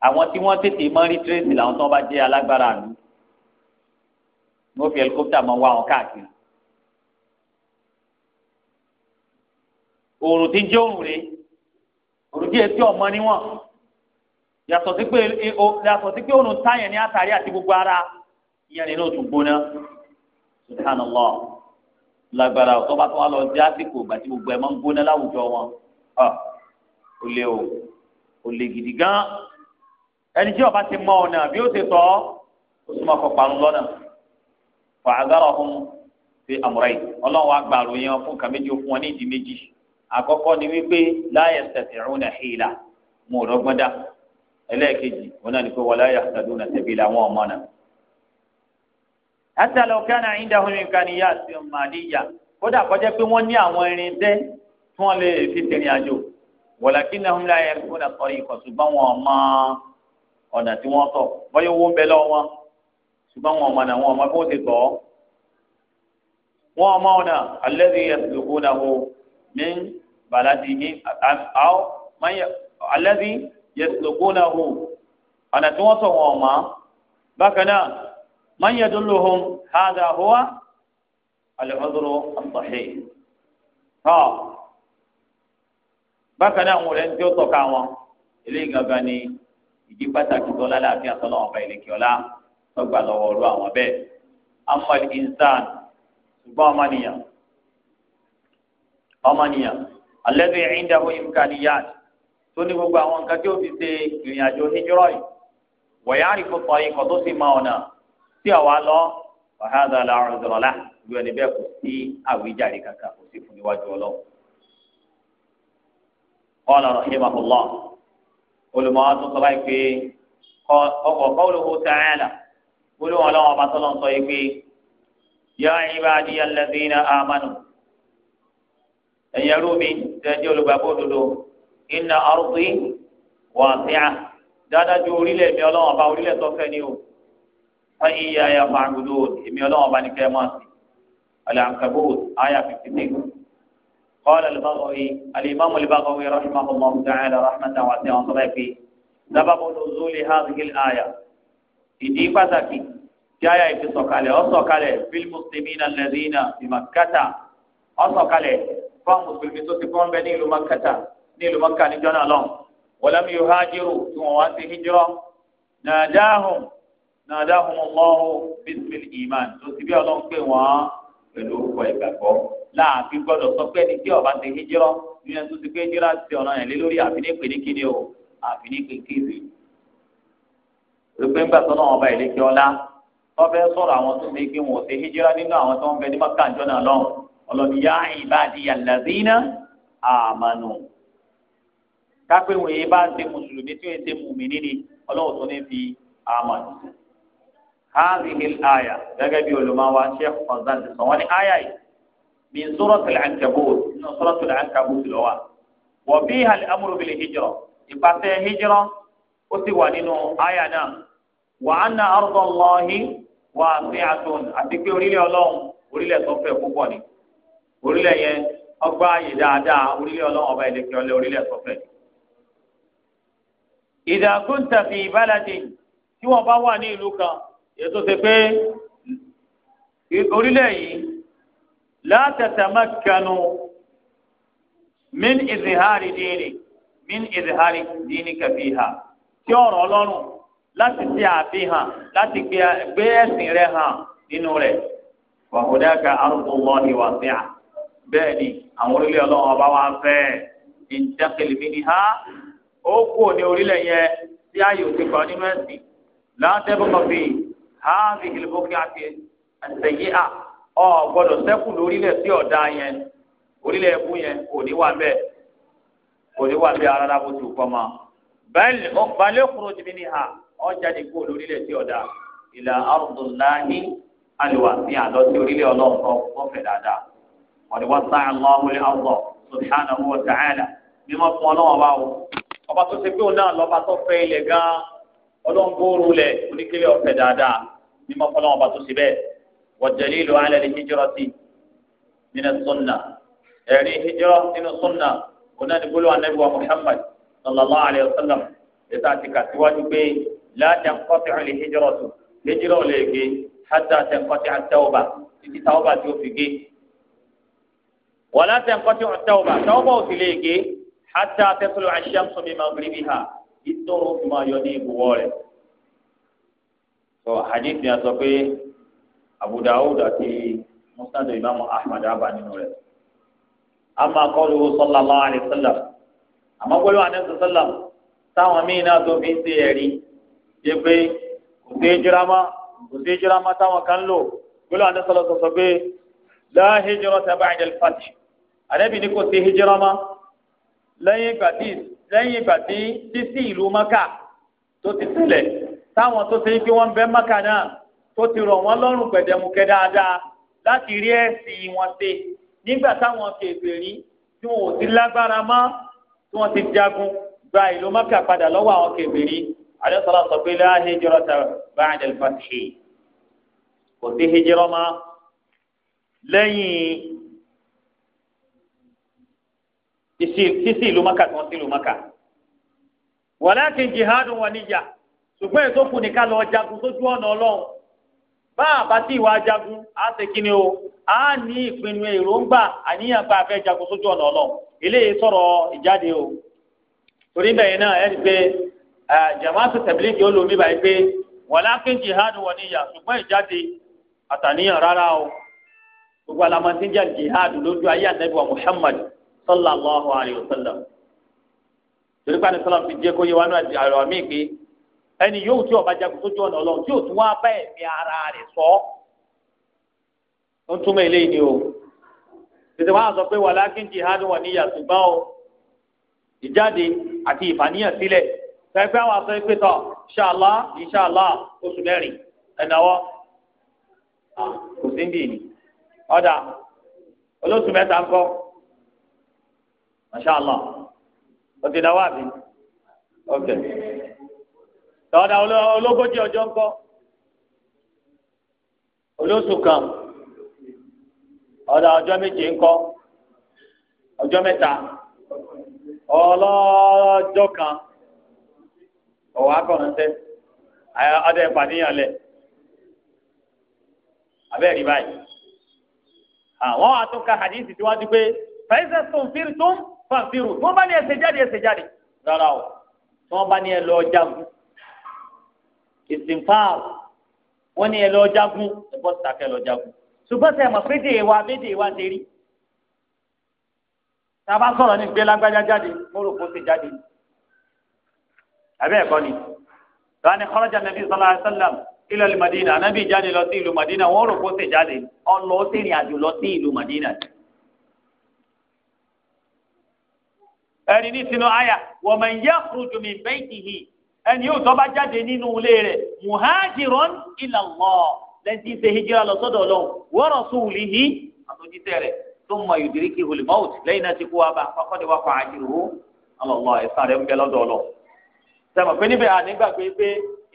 [SPEAKER 1] àwọn tí wọ́n tètè mọ́ rí tírèsì làwọn tó bá jẹ́ alágbára àlú ní ó fi ẹlikópítà mọ́ wá wọn káàkiri. òòrùn ti jẹ́ òòrùn rèé òòrùn díẹ̀ tí ọmọ níwọ̀n yàtọ̀ sí pé yàtọ̀ sí pé òòrùn táyẹ̀ ní àtàrí àti gbogbo ara ìyẹn nínú òtún gbóná subhanallah lágbára ọ̀tọ́ bá tó wá lọ dé àsìkò ìgbà tí gbogbo ẹ̀ máa ń gbóná láwùjọ wọn ọ ò lè o ò lè gidi gan ẹni tí ọba ti mọ ọ̀nà bí ó ti tọ́ ó súnmọ́ kọ parun lọ́nà fàágàrọ̀ fún fi àmúra yìí ọlọ́run wa gba àròyìn wọn fún kàméjì fún wọn ní ìdí méjì àkọ́kọ́ ni wípé láyé sẹ̀tìrún náà hìlà mo rọ́gbọ́n dá ẹlẹ́ẹ̀kejì wọn náà ní pé wọlé ayé àtàdúnà tẹ̀bílà wọn ọmọ náà hatta law kana indahum imkaniyatun madiyya kódà kọjá pé wọ́n ní àwọn irin dẹ́ tí wọ́n lè fi tẹ̀lé àjò walakinnahum la ya'rifuna tariqa ṣùgbọ́n wọn mọ ọ̀nà tí wọ́n tọ̀ bọ́yá owó ń bẹ lọ́wọ́ wọn ṣùgbọ́n wọn mọ ọ̀nà wọn mọ bí ti tọ̀ wọn mọ ọ̀nà alladhi yaslukunahu min baladihim aw alladhi yaslukunahu ọ̀nà tí wọ́n tọ̀ wọn mọ bákan náà. من يدلهم هذا هو العذر الصحيح ها bákan náà àwọn ọ̀rẹ́ tí ó tọ́ka wọn eléyìí gangan ni ìdí pàtàkì tó lálàáfíà sọ́nà ọ̀bà ìlẹ̀kẹ́ ọ̀la tọ́gbà lọ́wọ́ ọ̀rọ̀ àwọn bẹ́ẹ̀ amọ̀lì insan ṣùgbọ́n ọmọnìyàn ọmọnìyàn alẹ́bí ìdáwó imkaniyat tó ní gbogbo àwọn nǹkan tí ó fi ṣe ìrìn àjò hijrọ́ì wọ̀yáàrí fún tọ́yìn kọ́ tó sì máa ọ̀nà tí àwa lọ ọ̀hádà làárọ̀ ìdọ̀rọ̀lá ìlú ẹni bẹ́ẹ̀ kò sí àwíjàre kankan kò sí fún níwájú ọlọ́run. قال رحمه الله olùmọ̀ àti sọ báyìí pé ọkọ̀ qawluhu ta'ala olùwọ̀n ọlọ́run ọba tọ́lọ́ sọ yìí pé ya ibadiya alladhina amanu ẹ̀yẹ́rú mi tẹ́jú olùgbàgbọ́ òdodo inna ardi wasi'a dáadáa ju orílẹ̀ mi ọlọ́run ọba orílẹ̀ tó fẹ́ ni o fa iya ya fa agudo èmi ọlọ́wọ́n bá ní kẹ́ mọ́ sí al-Ankabut aya fifty six qala al-Baghawi al-Imam al-Baghawi rahimahullah ta'ala rahmatan wasi'a wọn sọ́bàá pé sábàbù nuzuli hadhihi al-aya ìdí pàtàkì tí aya yìí fi sọ̀kalẹ̀ ó sọ̀kalẹ̀ fil muslimina alladhina bi Makkata ó sọ̀kalẹ̀ fún mùsùlùmí tó ti fọ́n bẹ ní ìlú Makkata ní ìlú Makkata ní jọ́nà lọ́n walam yuhajiru tí wọ́n wá sí hijrọ́ nàdáhùn nàdáhùn ọlọ́hùn bísímìlì ìmán tó ti bí ọlọ́run pè wọ́n pẹ̀lú orúkọ ìgbàgbọ́ láàfin gbọ́dọ̀ sọ pé ẹni tí ọba ti hijirọ́ nínú ẹni tó ti pé hijira ti ọ̀nà yẹn lé lórí àfinípe ní kíni o àfinípe kéde rẹpẹ́ ńgbà sọ́nà ọba ìlẹ́kẹ́ ọlá tọ́fẹ́ sọ̀rọ̀ àwọn tó ti pé wọn ò ti hijira nínú àwọn tó ń bẹ ní mọ́kànjọ́ náà lọ́hùn ọlọ́ni yá ìbàdíyà làzínà àmànù kápẹ́ yìí bá ń ṣe mùsùlùmí tí wọ́n ti mùmí níni ọlọ́wọ́ tó ní fi àmànù sí. هذه الآية دقبي علماء شيخ فضل صواني آية من سورة العنكبوت من سورة العنكبوت الأول وفيها الأمر بالهجرة يبقى هجرة وسوى نينو آية وأن أرض الله واسعة أتكي أولي الله أولي سوف يكون أولي ọgbà ayé dáadáa orílẹ̀ ọlọ́run ọba ìlẹ̀kẹ̀ ọlẹ́ orílẹ̀ sọ́fẹ̀. ìdàgùntàfi ìbálàdì tí wọ́n bá wà ní ètò ṣe pé orílẹ̀ yìí látẹ̀tẹ̀ mẹ́kànnù min ìzìhárì dìínì min ìzìhárì dìínì kẹfì hà tí ọ̀rọ̀ ọlọ́run láti ṣe àfihàn láti gbé ẹ̀sìn rẹ̀ hàn nínú rẹ̀ wàhùdáka arúgbó wọn ni wà sí à bẹ́ẹ̀ ni àwọn orílẹ̀ ọlọ́run ọba wa fẹ́ ìjákèlè mi ni ha ó kú ní orílẹ̀ yẹn tí ayò ti kọ́ nínú ẹ̀sìn látẹ̀bùkọ̀ bíi. háàbì ìlúbókè àti àtẹ̀yé à ọ gbọ́dọ̀ sẹ́kù lórílẹ̀ sí ọ̀dà yẹn orílẹ̀ ẹ̀kú yẹn kò ní wà bẹ́ẹ̀ kò ní wà ni ha ọ ní kó lórílẹ̀ sí ọ̀dà ìlà ardullahi alwasi'a àlọ́ sí orílẹ̀ ọlọ́run kan wọ́n fẹ̀ dáadáa wọ́n ọba tó ṣe pé mímọ́ fọlọ́wọn bá tó ṣe bẹ́ẹ̀ wọ̀jẹ̀lì ìlú alẹ́ ní hijrọ́ sí nínú sunna ẹ̀rí hijrọ́ nínú sunna ọ̀nà ní gbólóhùn anábì wa muhammad sallallahu alayhi wa sallam ètò àti kàtíwájú pé láti ẹ̀kọ́tì ọ̀lẹ̀ hijrọ́ tó hijrọ́ lè gé hàtà tẹ̀kọ́tì àtẹ́wọ̀bà títí táwọ̀bà tí ó fi gé wàlá tẹ̀kọ́tì àtẹ́wọ̀bà táwọ̀bà ò sì lè gé hàtà tẹ̀sọ̀lọ̀ àṣẹ So hadith yẹn sọ pé Abu Dawud àti musnad imam ahmed abba nínú rẹ̀ amma qawluhu sallallahu alayhi wa sallam àmọ́ gbọ́dọ̀ wà ní sallam táwọn míín náà tó fi ń ṣe ẹ̀rí ṣe pé kò sí hijirama kò sí hijirama táwọn kan lò gbọ́dọ̀ wà ní sallam sọ pé la hijrata ba'da al-fath àdẹ́bí ni kò sí hijirama lẹ́yìn ìgbà tí títí ìlú maka tó ti sílẹ̀ táwọn tó ṣe é kí wọ́n bẹ́ mọ́kà náà tó ti rọ̀ wọ́n lọ́rùn pẹ̀dẹ̀mùkẹ́ dáadáa láti rí ẹ̀sìn wọn ṣe nígbà táwọn kèfèrí tí wọn ò ti lágbára mọ́ tí wọ́n ti jagun gba ìlú mọ́kà padà lọ́wọ́ àwọn kèfèrí àdéṣọlá sọ pé la hijrata ba'da al-fathi kò sí hijrọ́ mọ́ lẹ́yìn sísí ìlú mọ́kà tí wọ́n sí ìlú mọ́kà walakin jihadun wa niyya ṣùgbọ́n èso kù ní ká lọ jagun sójú ọ̀nà ọlọ́run bá àbá tí ìwà jagun á ṣe kí ni o á ní ìpinnu èròǹgbà àníyàn gba afẹ́ jagun sójú ọ̀nà ọlọ́run eléyìí sọ̀rọ̀ ìjáde o torí bẹ́ẹ̀ náà ẹ̀ pé jamaatu tabiliki ó lomi báyìí pé walakin jihadu wà níyà ṣùgbọ́n ìjáde àtàníyàn rárá o gbogbo alamọ̀tí jẹ́ jihadu lójú ayé ànábì wa Muhammad sallallahu alayhi wa sallam torí pàdé sọlá fi jẹ́ kó yẹ wá náà mí ẹni yóò tí ọba jagun tó jọ ọ̀nà ọlọ́run tí ò tún wá bá ẹ̀mí ara rẹ̀ sọ ó ń túmọ̀ eléyìí ni o tètè wá sọ pé wàhálà kíntì hádùn wà níyà ṣùgbọ́n o ìjáde àti ìfàníyàn sílẹ̀ pẹ̀pẹ́ àwọn aṣọ ìpè tọ̀ ṣàlá ìṣàlá oṣù mẹ́rin ẹ̀náwọ́ ah, kò sí níbí ni ọ̀dà olóṣù mẹ́ta ń kọ́ ṣàlá ọ̀tẹ̀dáwà bí ọ̀kẹ́ tọ́da ológójì ọjọ́ ńkọ́ olóṣù kan ọ̀dà ọjọ́ méje ńkọ́ ọjọ́ mẹ́ta ọlọ́jọ́ kan ọ̀wá kọ̀ọ̀nsẹ́ ọdẹ ìpànìyàn lẹ̀ abẹ́rẹ́ báyìí àwọn àtúnkà hadithi tí wọ́n ti pé fẹ́sẹ̀ tún fírí tún fàǹfìrù tí wọ́n bá ní ẹsẹ̀ jáde ẹsẹ̀ jáde rárá o tí wọ́n bá ní ẹ e lọ jagun ìsìnfàr wọn ni ẹ lọ jagun ẹ bọ́ síta kẹ lọ jagun ṣùgbọ́n sẹ mọ̀ pé dèè wa méjèè wa ṣe rí tá a bá sọ̀rọ̀ ní gbé lágbájá jáde mo kó ṣe jáde àbẹ́ ẹ̀kọ́ ni wọn ni nàbí sọlá sálàm ilẹ̀ ìlú madina anábì jáde lọ sí ìlú madina wọn rò kó ṣe jáde ọlọ́ ó àjò lọ sí ìlú madina. ẹni ní sinú àyà wọ́n mọ̀ ń yá kúrú jùmí bẹ́ẹ̀ ẹni yóò tọ́ba jáde nínú ilé rẹ̀ muhajiron ila Allah ṣe hijira lọ sọ́dọ̀ Ọlọ́run wa rasulihi àtòjíṣẹ́ rẹ̀ thumma yudrikihul maut lẹ́yìn náà ti kú wa bá faqad waqa ajruhu ala Allah ẹ̀sán rẹ̀ ń bẹ lọ́dọ̀ Ọlọ́run. sẹ́mi pé níbẹ̀ ànígbà pé pé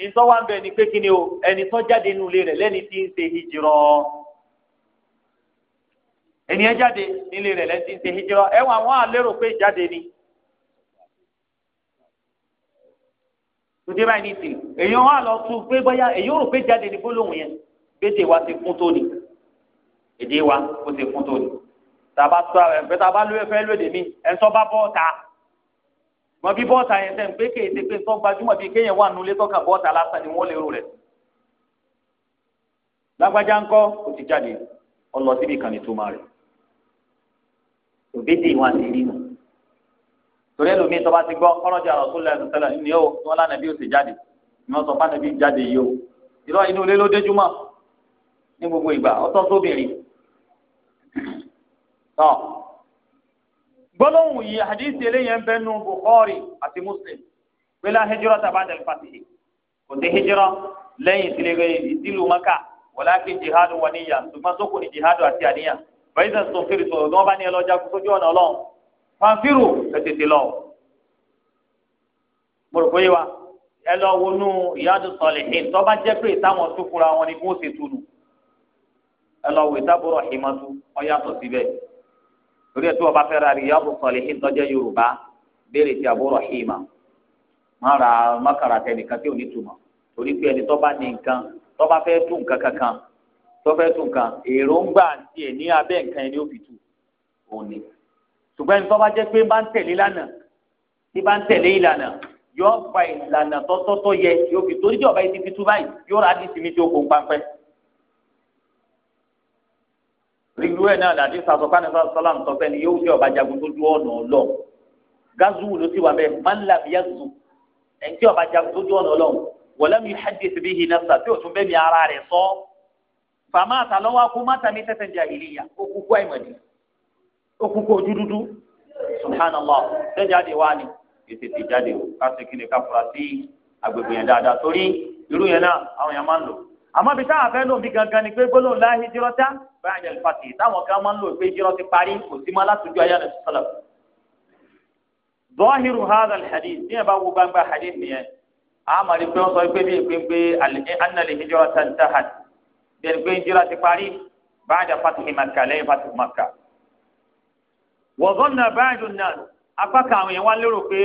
[SPEAKER 1] ìtọ́ wa ń bẹ ni pé kí o ẹni jade jáde nínú ilé rẹ̀ lẹ́ni tí ń ṣe hijira ẹni ẹ jáde rẹ̀ lẹ́ni tí ń ni tó dé báyìí nìsín èyàn wà lọ tún pé bóyá èyàn rò pé jáde ní gbólóhùn yẹn pété wa ti kún tóni èdè wa ó ti kún tóni tàbá tó ẹ fẹ tàbá lóye fẹ lóde mi ẹ sọ bá bọ́ọ̀tà mọ bí bọ́ọ̀tà yẹn tẹ̀ ń pé kéde pé sọ gbajúmọ̀ bíi kéèyàn wà nulẹ̀ tọ́ka bọ́ọ̀tà lásán ni wọ́n lè rò rẹ̀ lágbájá ńkọ́ ó ti jáde ọlọ síbi kan ní tó máa rẹ̀ òbí dè wọn àti rí nù torí ẹlòmíì tó bá ti gbọ́ kọ́lọ́jà ọ̀tún lẹ́nu tẹ́lẹ̀ ní o tí wọ́n lánà bí o sì jáde ni wọ́n sọ fún ànábì jáde yìí o ìrọ̀ inú ilé ló déjú mọ́ ní gbogbo ìgbà ọtọ́ sóbìnrin tọ́ gbólóhùn yìí àdìsí eléyẹn bẹ́ẹ̀ nù Bukhari àti Muslim gbélé ahijira tabata ìfàtìhì kò sí hijira lẹ́yìn ìtìlẹ̀ ìtìlú maka wàlákin jihadu waniya ṣùgbọ́n sókò ní jihadu àti àníyàn bẹ́ẹ̀ sọ fèrè sọ̀rọ̀ tí wọ́n bá ní ẹ lọ́jà sójú ọ̀nà ọlọ́run fanfiru ẹ tètè lọ mo rò pé yé wa ẹ lọ wọnú ìyáàdù sọlẹhìn tọba jẹ pé táwọn tó fura wọn ni kó ṣe tunu ẹ lọ wọ ìtàbùrọ ìmọtú ọyàtọ̀ síbẹ̀ torí ẹ tí wọn bá fẹ́ ra ìyáàdù sọlẹhìn tọjẹ yorùbá béèrè ti àbúrò ìmọ má ra mákàrà tẹnìkan tí o ní túmọ̀ torí pé ẹni tọba ní nǹkan tọba fẹ́ tún nǹkan kankan tọfẹ tún kan èròǹgbà tiẹ̀ ní abẹ́ nǹkan ẹni ó fi tù òní ṣùgbọ́n ẹni tó bá jẹ́ pé bá ń tẹ̀lé lánàá tí bá ń tẹ̀lé ìlànà yóò fa ìlànà tọ́tọ́tọ́ yẹ yóò fi torí jọba yìí ti fi tú báyìí yóò rà á di sinmi tí ó kó ń pampẹ́. ríru ẹ̀ náà làdí sàtọ́ kánì sàlámù tọ́fẹ́ ni yóò fi ọba jagun tó dúró ọ̀nà ọlọ́ gazu ló ti wà bẹ́ẹ̀ malam yazu ẹ̀ ń tí ọba jagun tó dúró ọ̀nà ọlọ́ wọlé mi hadith bihi nafsa tí o tún bẹ́ẹ̀ mi ara rẹ̀ sọ fàmáàtà lọ́wọ́ akó mátàmí tẹ́tẹ̀ jà ìlíyà ó kúkú àìmọ̀dì ó kú kó ojú dúdú subhanallah sẹ́jáde wá ni ètètè jáde o káṣí kí ni ká fura sí agbègbè yẹn dáadáa torí irú yẹn náà àwọn yẹn máa ń lò àmọ́ bí táwọn afẹ́ lòun bí gangan ni pé gbólóhùn láàyè jírọ́tà báyìí ní alifati táwọn kan máa ń lò pé jírọ́ ti parí kò sí mọ́ látòjú ayé àdàtú sọlọ. zọ́hìrù hàdà hadith ní ẹ̀bá wo gbangba hadith nìyẹn àmàlí pé wọ́n sọ pé bí pé anàlè hijrọ́tà ń tàhà bí ẹni pé jírọ́ ti parí báyìí ní alifati màkà lẹ́yìn fati màkà wọ̀gọ́nà báyìí náà apá kan àwọn yẹn wá lérò pé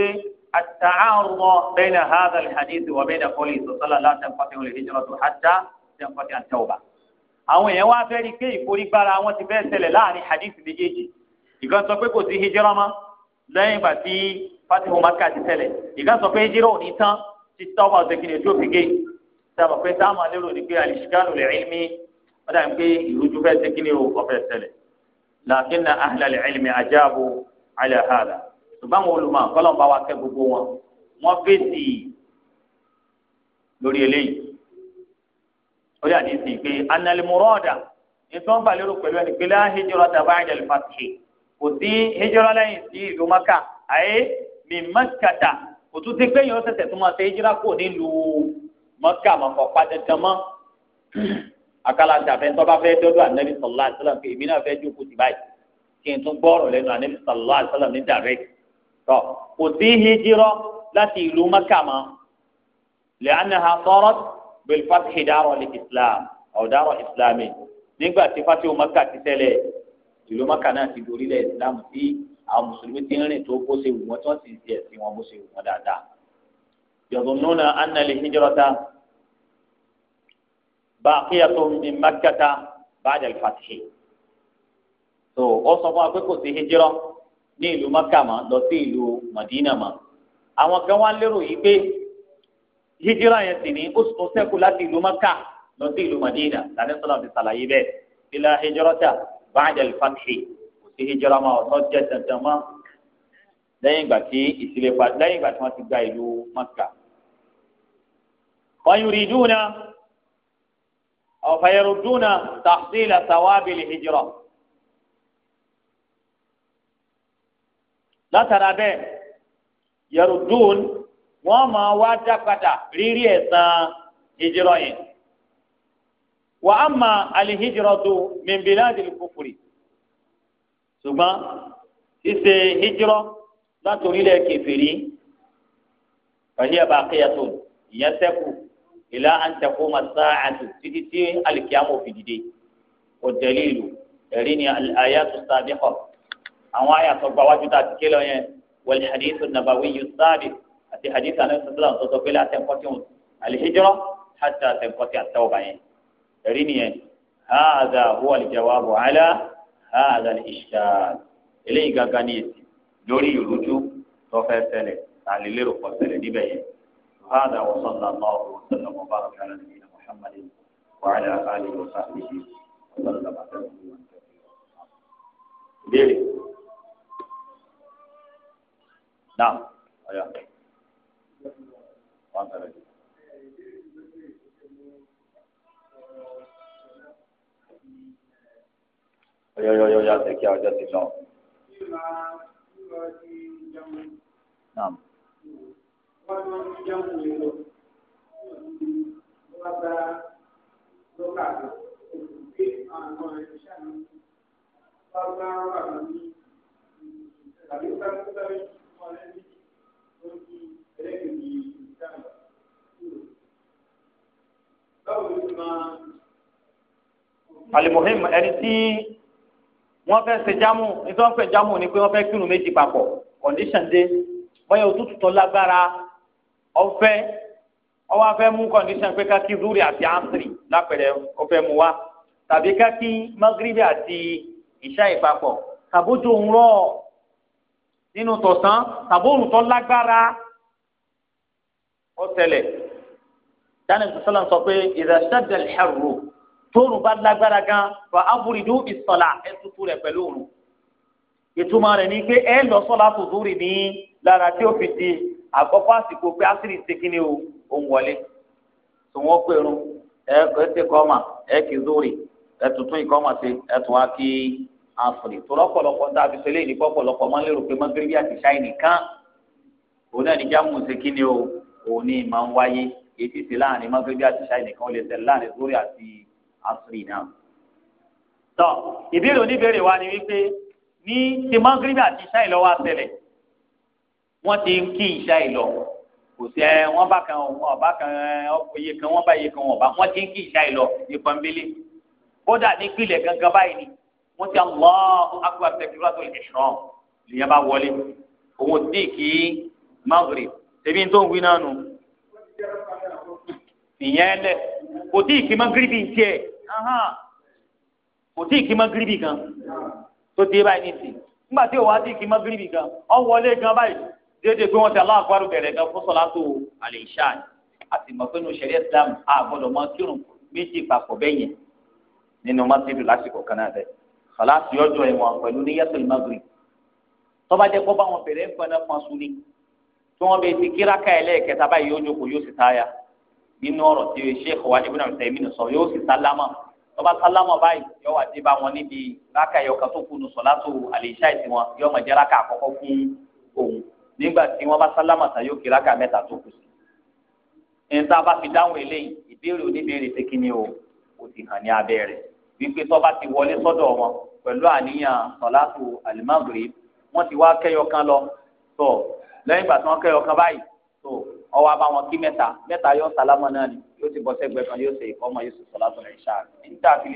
[SPEAKER 1] àtàárọ̀ bẹ́ẹ̀ni àhàdà ìhàdíìsì wà bẹ́ẹ̀ni àkọlé ìsọ̀sọ́lá láti ẹ̀kọ́tì olè níjọ́ tó hàjá ẹ̀kọ́tì àtẹ̀wọ̀bà. àwọn yẹn wá fẹ́ rí pé ìforígbára wọn ti fẹ́ ṣẹlẹ̀ láàrin hadith méjèèjì ìkan sọ pé kò sí hijira mọ́ lẹ́yìn ìgbà tí fatihu maka ti ṣẹlẹ̀ ìkan sọ pé hijira ò ní tán ti tọ́wọ́ ọ̀sẹ̀kìnì ojú lakinna ahlal ilmi ajabu ala hada ṣùgbọ́n àwọn olùmọ̀ kọ́lọ́n bá wa kẹ́ gbogbo wọn wọ́n fèsì lórí eléyìí ó yà ní sìn pé analimurọ́ọ̀dà nítorí wọn bá lérò pẹ̀lú ẹni pé láà hijira tàbá àjẹlẹ̀ fàtìhì kò sí hijira lẹ́yìn sí ìlú maka àyè mi mẹ́kàtà kò tún ti gbẹ̀yìn ọ̀sẹ̀sẹ̀ tó máa ṣe hijira kò nílùú maka mọ̀kọ́ padà dán akálàntà fẹ́ tọ́ bá fẹ́ dọ́dọ̀ anabi sallallahu alaihi wasallam èmi náà fẹ́ jókòó ti báyìí kí n tún gbọ́rọ̀ lẹ́nu anabi sallallahu alaihi wasallam ní dàrẹ́ tọ́ kò sí hijirọ́ láti ìlú maka mọ́ lẹ́hánnáha sọ́rọ́ bilfatihi dárọ̀ lè islam ọ̀dárọ̀ islami nígbà tí fatihu maka ti tẹ́lẹ̀ ìlú maka náà ti dorí lẹ̀ islam sí àwọn mùsùlùmí ti rìn tó bó ṣe wù wọ́n tí wọ́n sì ń ṣe ẹ̀sìn wọn bó ṣe wù wọ́n dáadáa yọ̀dùnúnà baqiyatun من مكة بعد الفتح، تو so ó sọ fún wa pé kò sí hijira ní ìlú maka mọ́ lọ sí ìlú madina mọ́ àwọn kan wá lérò yìí pé hijira yẹn sì ní ó sọ sẹ́kù láti ìlú maka lọ sí ìlú madina lálẹ́ sọ́lá ti sàlàyé bẹ́ẹ̀ ila hijrata ba'da al-fath kò sí hijira mọ́ ọ̀tọ́ jẹ́ dandan mọ́ lẹ́yìn ìgbà tí ìsìlẹ̀ lẹ́yìn ìgbà tí wọ́n ti gba ìlú maka. wọ́n yóò rí dùn náà. أو فيردون تحصيل ثواب الهجرة látara bẹ́ẹ̀ yarudun wọ́n máa wá dá padà rírí ẹ̀san hijirọ yẹn wa ama alihijirọtu min biladil kufri ṣùgbọ́n ṣíṣe hijirọ láti orílẹ̀ kèfèrí ọ̀hìn ẹ̀ bá kéyàtò ìyẹn sẹ́kù ìlà àǹtẹ̀kọ́ màsá àti títí tí alìkíyàmọ̀ fi dìde kò tẹ̀lé ìlú ẹ̀rí ni àyà tó sábẹ́ kọ̀ àwọn àyà tó gba wájú tá a ti ké lọ yẹn wal hadithu nàbàwí yóò sáàbì àti hadith àná sọ́sọ́lá tó sọ pé látẹ̀kọ́ tí wọn àlìhíjọ́ hàtà àtẹ̀kọ́ tí àtẹ̀wọ̀ bá yẹn ẹ̀rí nìyẹn hàdà huwa al ala hàdà al-ishkal eléyìí gàgà هذا وصلى الله وسلم وبارك على نبينا محمد وعلى آله وصحبه وسلم تسليما كثيرا. نعم. آية. أيوة،, أيوة،, أيوه. يا يا يا يا يا يا يا يا يا يا يا يا wọ́n ti wọ́n ti jẹ́ òun yẹn lọ. wọ́n gba lọ́kà lọ. òkùnkùn àwọn ọmọ rẹ̀ ti ṣàmì. wọ́n gba rọ́bà lọ ní tàbí sábẹ́sábẹ́ wọn lẹ́ ní ojú ẹlẹ́gbẹ̀ẹ́ ìdáhùn. báwo ló ti máa. alimohim ẹni tí wọ́n fẹ́ ṣe jámù nítorí wọ́n fẹ́ jámù ni pé wọ́n fẹ́ kírun méjì papọ̀ condition dé bóyá òtútù tó lágbára ọfẹ ọwọ afẹ mú kọndíṣàn pé kákí zuri àti ansiri lápẹrẹ ọfẹ mú wa tàbí kákí magribi àti ìṣá ìpapọ̀ tàbójú òun rọ nínú tọ̀sán tàbóòrùn tó lágbára ọ̀sẹ̀lẹ̀ dani sọsọlá sọ pé ìdàṣẹ́dẹ̀ ẹ̀rù tóòrùn bá lágbára gan wà á búrìdú ìsọ̀là ẹ̀tútù rẹ̀ pẹ̀lú òrùn ìtumọ̀ rẹ̀ ni pé ẹ lọ sọ́lá tó zuri ní lára tí ó fi di àkọ́kọ́ àsìkò pé asiri ti kí ni o òun wọlé tó wọ́n pè rún ẹ ẹ ti kọ́ mà ẹ kì í zórí ẹ tuntun ìkọ́ mà sí ẹ tún wá kí asiri tó lọ́pọ̀lọpọ̀ tá a fi sọlé ìdí máa ń lérò pé mọ́gíríbí àti ṣáì nìkan òun náà ní jámù ṣe kí ni o òun ní máa ń wáyé ètò ìṣe láàrin mọ́gíríbí àti ṣáì nìkan ó lè ṣẹlẹ̀ láàrin zórí àti asiri náà. tọ́ ìbéèrè ni wípé ní ti mọ́gíríbí wọ́n ti ń kí ìṣá ìlọ kò sí ẹ wọ́n bá kan wọ́n bá kan iye kan wọ́n bá iye kan wọ́n bá wọ́n ti ń kí ìṣá ìlọ ìpọ́nbélé kódà ní ìpìlẹ̀ gangan báyìí ni wọ́n ti Allahu akbar takbiratul ihram lèyìn bá wọlé òun ti kí Maghrib tẹ̀bí tó ń wí náà nù ìyẹn lẹ̀ kò tí ì kí Maghrib tiẹ̀ kò tí ì kí Maghrib kan tó dé báyìí nìsín nígbà tí òun á ti kí Maghrib kan ọ wọlé gan báyìí déédéé pé wọ́n ti aláàgbárò bẹ̀rẹ̀ gan fún sọ́látò àlè ìṣá àti mọ̀pẹ́nu ṣẹ̀ríà Islam àgbọ̀dọ̀ mọ kírun méjì papọ̀ bẹ́yẹn nínú mọ́sídù lásìkò kan náà bẹ́ẹ̀ sọ́látì ọjọ́ ìwọ̀n pẹ̀lú níyàtọ̀ ìmọ̀gìrì tọ́ba jẹ́ kọ́ bá wọn bẹ̀rẹ̀ nǹkan fún asúni tí wọ́n bẹ ti kíráka ẹlẹ́ẹ̀kẹta báyìí yóò jókòó yóò sì táyà nínú ọ̀rọ̀ tí Sheikh wa Ibn Uthaymeen sọ yóò sì sálámà tọ́ba sálámà báyìí yóò wá dé bá nígbà tí wọ́n bá sálámà tán yóò kíra ká mẹ́ta tó kù sí. níta bá fi dáhùn eléyìí ìbéèrè oníbéèrè ṣe kí ni o o ti hàn ní abẹ́ rẹ̀ wípé tó bá ti wọlé sọ́dọ̀ wọn pẹ̀lú àníyàn sọ̀látù àlùmáàgùrì wọ́n ti wá kẹ́yọ kan lọ tó lẹ́yìn ìgbà tí wọ́n kẹ́yọ kan báyìí tó ọwọ́ abá wọn kí mẹ́ta mẹ́ta yóò sálámà náà ni yóò ti bọ́ sẹ́gbẹ́ kan yóò ṣe ìkọ́mọ yóò ṣe sọ̀látù rẹ̀ ṣáà níta fi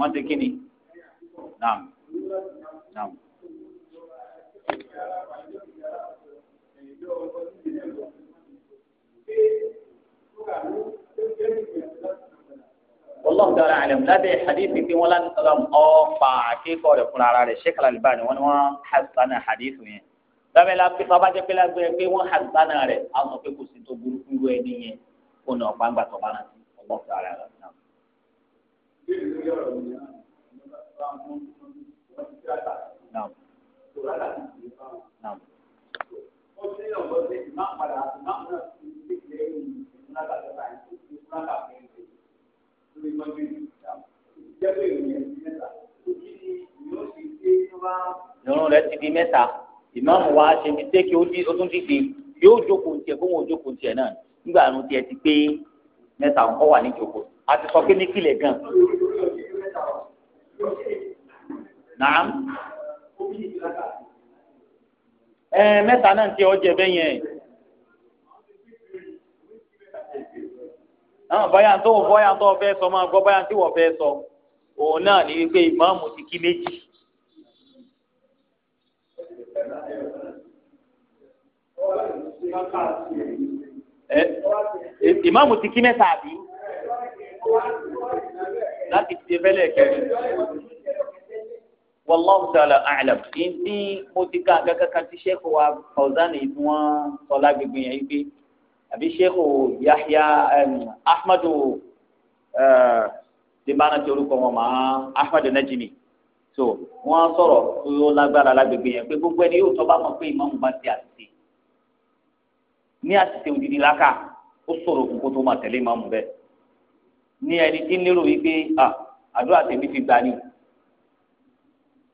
[SPEAKER 1] wọ́n ti kíni naam naam. والله تعالى اعلم لا ده حديث في ولا نسلم او فاكي كوري فلا راري شيخ الالباني وانا وانا حسن حديث وين tàbí la pé bàbá jẹ́ pé lágbèrè pé wọ́n hà sánà rẹ̀ á sọ kò sí tó burúkú ẹni yẹn kó nà ọ̀pá ńgbà tó bá rántí ọgbọ́n tó ara rẹ̀ ìrun rẹ̀ ti di mẹ́ta ìmáàmù wa ṣe mi tẹ́kì ó tún dìde yóò jókòó tiẹ̀ kó wọn ò jókòó tiẹ̀ náà nígbà àrùn tiẹ̀ ti pé mẹ́ta ń wà ní jókòó àti sọ pé ní kílẹ̀ gan. Nàám. Ẹ mẹ́ta náà ti ọjẹ́ bẹ́ẹ̀ yẹn. Náà báyà tó wọ̀ báyà tó fẹ́ sọ máa gbọ́ báyà tí wọ́n fẹ́ sọ. Òun náà ní wípé ìmáàmù ti kí méjì. ìmáàmù ti kí mẹ́ta àbí láti ṣe fẹ́lẹ̀ kẹrin wallahu ta'ala a'lam ìdí mo ti ká kankan tí sẹ́kù wa ọ̀zánì tí wọ́n sọ lágbègbè yẹn gbé àbí sẹ́kù Yahya Ahmadu dìbànà eh, tí orúkọ wọn máa Ahmadu Najmi so wọ́n sọ̀rọ̀ tó yóò lágbára lágbègbè yẹn pé gbogbo ẹni yóò tọ́ bá mọ̀ pé ìmọ̀ọ́mù bá ti àti ní àtìsẹ́ òdìdí láká ó sọ̀rọ̀ kókó tó máa tẹ̀lé ìmọ̀ọ́mù bẹ́ẹ̀ ní ẹni tí ń lérò wípé àdúrà tèmi ti gbà ni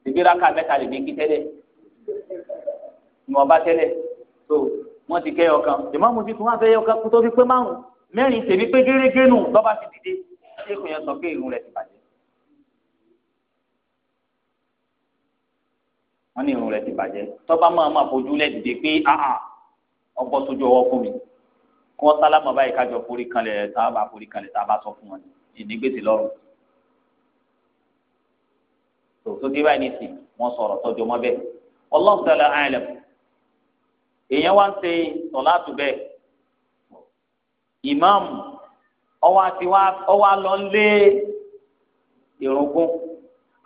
[SPEAKER 1] ìgbéraka mẹ́ta lè mi kí tẹ́lẹ̀ ìwọ̀nba tẹ́lẹ̀ tó wọ́n ti kẹ́ ọkàn ìmọ̀mù ti tún wá fẹ́ ọkàn kó tó fi pé márùn mẹ́rin tèmi pé gérégé nù lọ́ba ti dìde ṣéèkù yẹn sọ pé ìrun rẹ̀ ti bàjẹ́. wọ́n ní ìrun rẹ̀ ti bàjẹ́ tọ́ba máa máa fojú lẹ́ dìde pé ọgbọ́n sójú ọwọ́ fún mi. kí wọ́n sálámà báyìí kájọ forí kanlẹ̀ tá a bá forí kanlẹ̀ tá wọn ìdígbèsè lọ́rùn tó tó dé báyìí nìsín wọ́n sọ̀rọ̀ wá ń ṣe bẹ́ẹ̀ ìmáàmù ọwọ́ àti ọwọ́ lé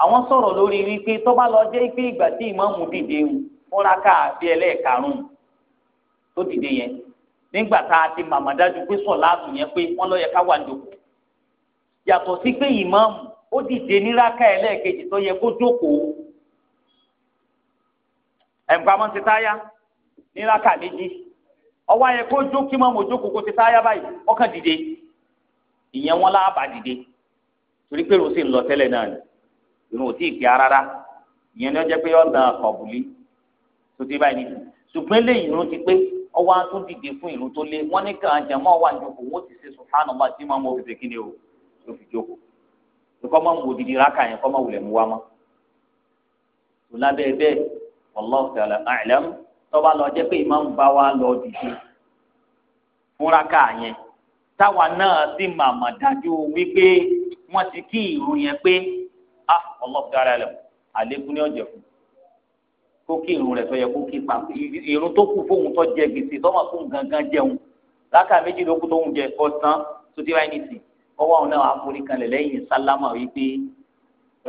[SPEAKER 1] àwọn sọ̀rọ̀ lórí wípé tó bá lọ jẹ́ ìgbà tí ìmáàmù dìde ń ún tó dìde yẹn nígbà tá a ti màmá dájú pé sọ láàtù yẹn pé wọ́n lọ yẹ ká wà nídòkó yàtọ̀ sí pé ìmáàmù ó dìde níráka ẹlẹ́ẹ̀kejì tó yẹ kó jókòó ẹ̀ǹpamọ́ ti táyà níráka méjì ọwọ́ yẹ kó jó kí mọ́mọ́ jókòó kó ti táyà báyìí ọkàn dìde ìyẹn wọn láàbà dìde torí pé rò sí ń lọ tẹ́lẹ̀ náà ni irun ò tí ì pé rárá ìyẹn ni jẹ́ pé ọ̀nà kọ̀bùlí tó ti báyìí ṣùgbọ́n lẹ́yìn irun ti pé ọwọ́ atún dìde fún ìlú tó lé wọ́n ní kàn jàmọ́ wà jókòó wọ́n ti ṣe sùhánù máa tí máa mú òfìsè kí ni o ló fi jókòó nǹkan máa ń wo didi raka yẹn kọ́ máa wulẹ̀ mú wa mọ́. tó lábẹ́ bẹ́ẹ̀ wallahu ta'ala a'lam tọ́ba lọ jẹ́ pé ìmáàmù bá wa lọ dìde fún raka yẹn táwa náà sì màmá dájú wípé wọ́n ti kí ìrù yẹn pé ah wallahu ta'ala a'lam àlékún ní ọ̀jẹ̀ fún kó kí irun rẹ̀ tó yẹ kó kí pa irun tó kù fóun tó jẹ gbèsè tó máa fóun gangan jẹun láka méjì ló kú tó ń jẹ ọ̀sán tó ti wáyé nìsín ọwọ́ àwọn náà àforí kanlẹ̀ lẹ́yìn sálámà wípé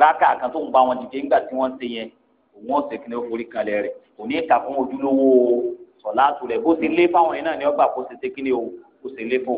[SPEAKER 1] ráka kan tó ń bá wọn dìde nígbà tí wọ́n ṣe yẹn òun ọ̀sẹ̀ kìíní òforí kanlẹ̀ rẹ̀ kò ní kà fún ojúlówó sọ̀láàtù rẹ̀ bó ti lé fáwọn yẹn náà ní ọgbà kó ṣe ṣe kí ni o kó ṣe lé fún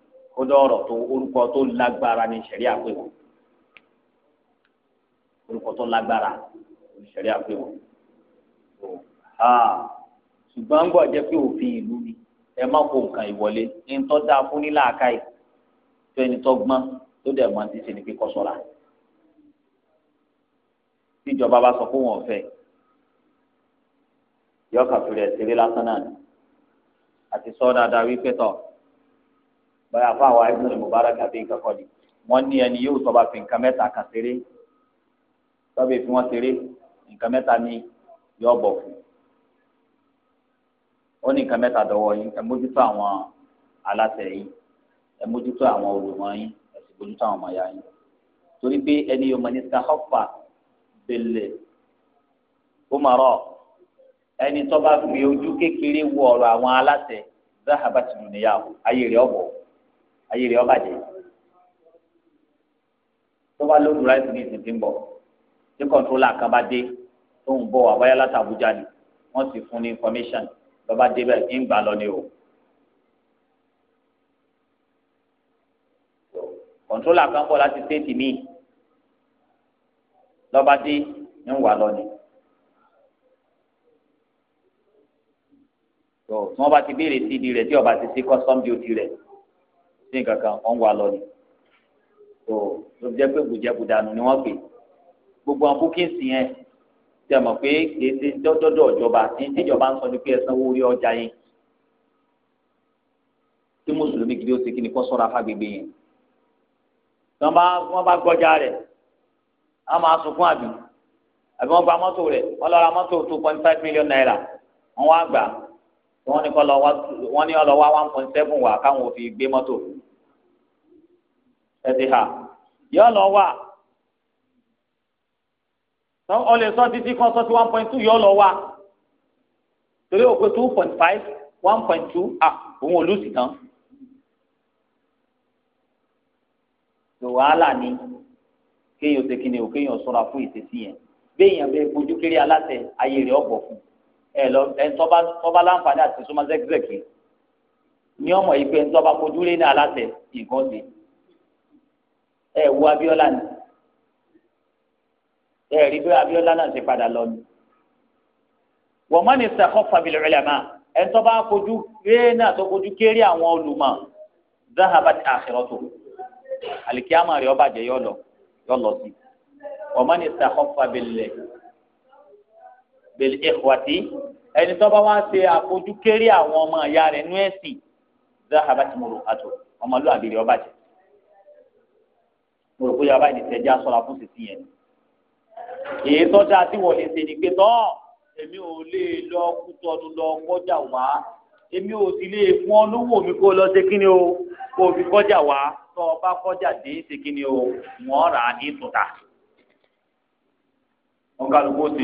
[SPEAKER 1] ó dọ́ ọ̀rọ̀ tó orúkọ tó lágbára ní sẹ̀rí àpè wọn orúkọ tó lágbára ní sẹ̀rí àpè wọn ṣùgbọ́n gbọ́ jẹ́ pé òfin ìlú ni ẹ má kó nǹkan ìwọlé ní tó dáa fún nílà àkàì tó ẹni tó gbọ́n tó dẹ̀ mọ́ ti ṣe ni pé kó ṣọ́ra tíjọba bá sọ pé wọn ò fẹ́ yọ kàfìrẹ̀ ṣeré lásán náà àti sọ dáadáa wípé tọ̀ báyà fún àwa ibùdó mubarak àti nǹkan kan ni wọ́n ní ẹni yóò tọ́ba fi nǹkan mẹ́ta kan ṣeré tọ́ba fi wọ́n ṣeré nǹkan mẹ́ta ni yọ bọ̀ fún ó ní nǹkan mẹ́ta dọ̀wọ́ yín ẹ mójútó àwọn aláṣẹ yín ẹ mójútó àwọn olùmọ̀ yín ẹ sì mójútó àwọn ọmọ ya yín torí pé ẹni yóò mọ ní sahọ́fà bẹ̀lẹ̀ ó ẹni tọ́ba fi ojú kékeré wo ọ̀rọ̀ àwọn aláṣẹ zahabat nìyàwó ayé rẹ̀ ọ̀bọ̀ ayé rẹ̀ ọba jẹ tó bá lóògùn ráìsì ní ìsìnkú ń bọ̀ tí kọńtrólà kan bá dé tó ń bọ̀ àbáyá láti ni wọ́n sì fún ní information lọba débẹ̀ ń gbà lọ ni o. kọńtrólà kan bọ̀ láti stéètì míì lọba dé ń wà lọ ni. tó tí bá ti béèrè sí ibi rẹ̀ tí ọba ti sí custom duty rẹ̀ sí nǹkan kan wọ́n wà lọ ni tó tó jẹ́ pé bùjẹ́bù dànù ni wọ́n pè gbogbo àwọn búkìsì yẹn tí a mọ̀ pé kéde dọ́dọ́dọ́ ìjọba ní tíjọba ń sọ ni pé ẹ sanwó orí ọjà yẹn tí mùsùlùmí gidi ó ti kí ni kó sọ́ra fàgbègbè yẹn tí wọ́n bá wọ́n bá gbọ́jà rẹ̀ wọ́n máa sunkún àbí àbí wọ́n gba mọ́tò rẹ̀ wọ́n lọ́ra mọ́tò two point five million naira wọ́n wá gbà á wọ́n ní kọ́ lọ wọ́n ní ọlọ́wọ́ one point seven wà káwọn òfin gbé mọ́tò ẹ̀sìn hà yọ lọ wà ọ lè sọ títí kan sọ sí one point two yọ lọ wà torí òpè two point five one point two ah òun ò lùsì tán wàhálà ni kéèyàn ṣe kíni o kéèyàn ṣọ́ra fún ìṣesí yẹn béèyàn bẹ bójú kéré aláṣẹ ayé rẹ ọgbọ fún un ẹ lọ ẹ tọ́ba tọ́ba láǹfààní àti súnmọ́ zẹ́gizẹ́gì ní ọmọ yìí pé ń tọ́ba kojú ní aláṣẹ nǹkan ṣe ẹ wo Abíọ́lá ni ẹ rí bí Abíọ́lá náà ṣe padà lọ ni wọ́n mọ́ ní sẹ́kọ́ fàbílì rẹ̀ máa ẹ̀ tó bá kojú ré náà tó kojú kéré àwọn olùmọ̀ zahabat akhiratu alikiyama rẹ̀ ọba jẹ yọ lọ yọ lọ sí wọ́n mọ́ ní sẹ́kọ́ fàbílì bẹ̀lẹ̀ ẹ̀kọ́tì ẹni tó bá wá ṣe àfojú kéré àwọn ọmọ ìyá rẹ̀ nú ẹ̀sìn záhàbá ti mòrò àtò ọmọlúwàbí rẹ̀ ọba jẹ́ mòrò bóyá ọba yìí tẹ̀ já sọ́ra fún sísìn yẹn èyí tó dáa tí wọ́n lè ṣe ni pé tọ́ èmi ò lè lọ kútu ọdún lọ kọjá wá èmi ò sì lè fún ọ lówó mi kó lọ ṣe kíni o kó fi kọjá wá tó o kọjá dé ṣe kíni o wọ́n rà á ní ìtúta. wọ́n kálukú sí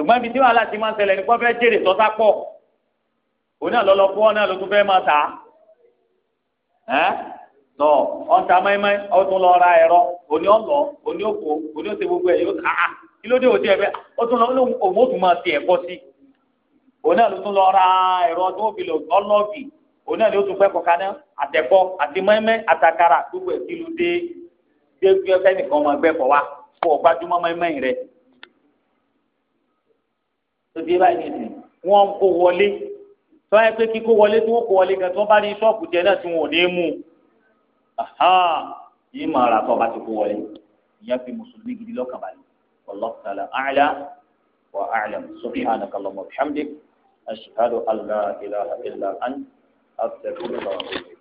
[SPEAKER 1] ṣùgbọ́n ibi tí wàhálà ti máa ń ṣẹlẹ̀ ní kó fẹ́ jèrè sọ́sá pọ̀ òun náà lọ́lọ́ fún ọ náà ló tún fẹ́ máa tà á tọ ọ̀ntà mẹ́mẹ́ ọ̀tún lọ ra ẹ̀rọ òní ọ̀lọ́ òní òkò òní òsè gbogbo ẹ̀ yóò tà á ah, ah, kí ló dé òtí ẹ̀ bẹ́ẹ̀ ọ̀tún lọ òun ò tún máa ti ẹ̀kọ́ sí òun náà ló tún lọ ra ẹ̀rọ tó fi lọ ọlọ́ọ̀bì tóbi báyìí nìyí wọ́n ń kó wọlé tó wáyé pé kíkó wọlé tí wọ́n kó wọlé gan tí wọ́n bá ní ṣọ́ọ̀bù jẹ náà tí wọ́n ò ní mú yìí máa ra tó ti kó wọlé ìyá fi mùsùlùmí gidi lọ́kàn balẹ̀ ọlọ́kàlà àlà wà àlà subhanaka allahumma wa bihamdik ashhadu an la ilaha illa anta astaghfiruka wa atubu ilayk.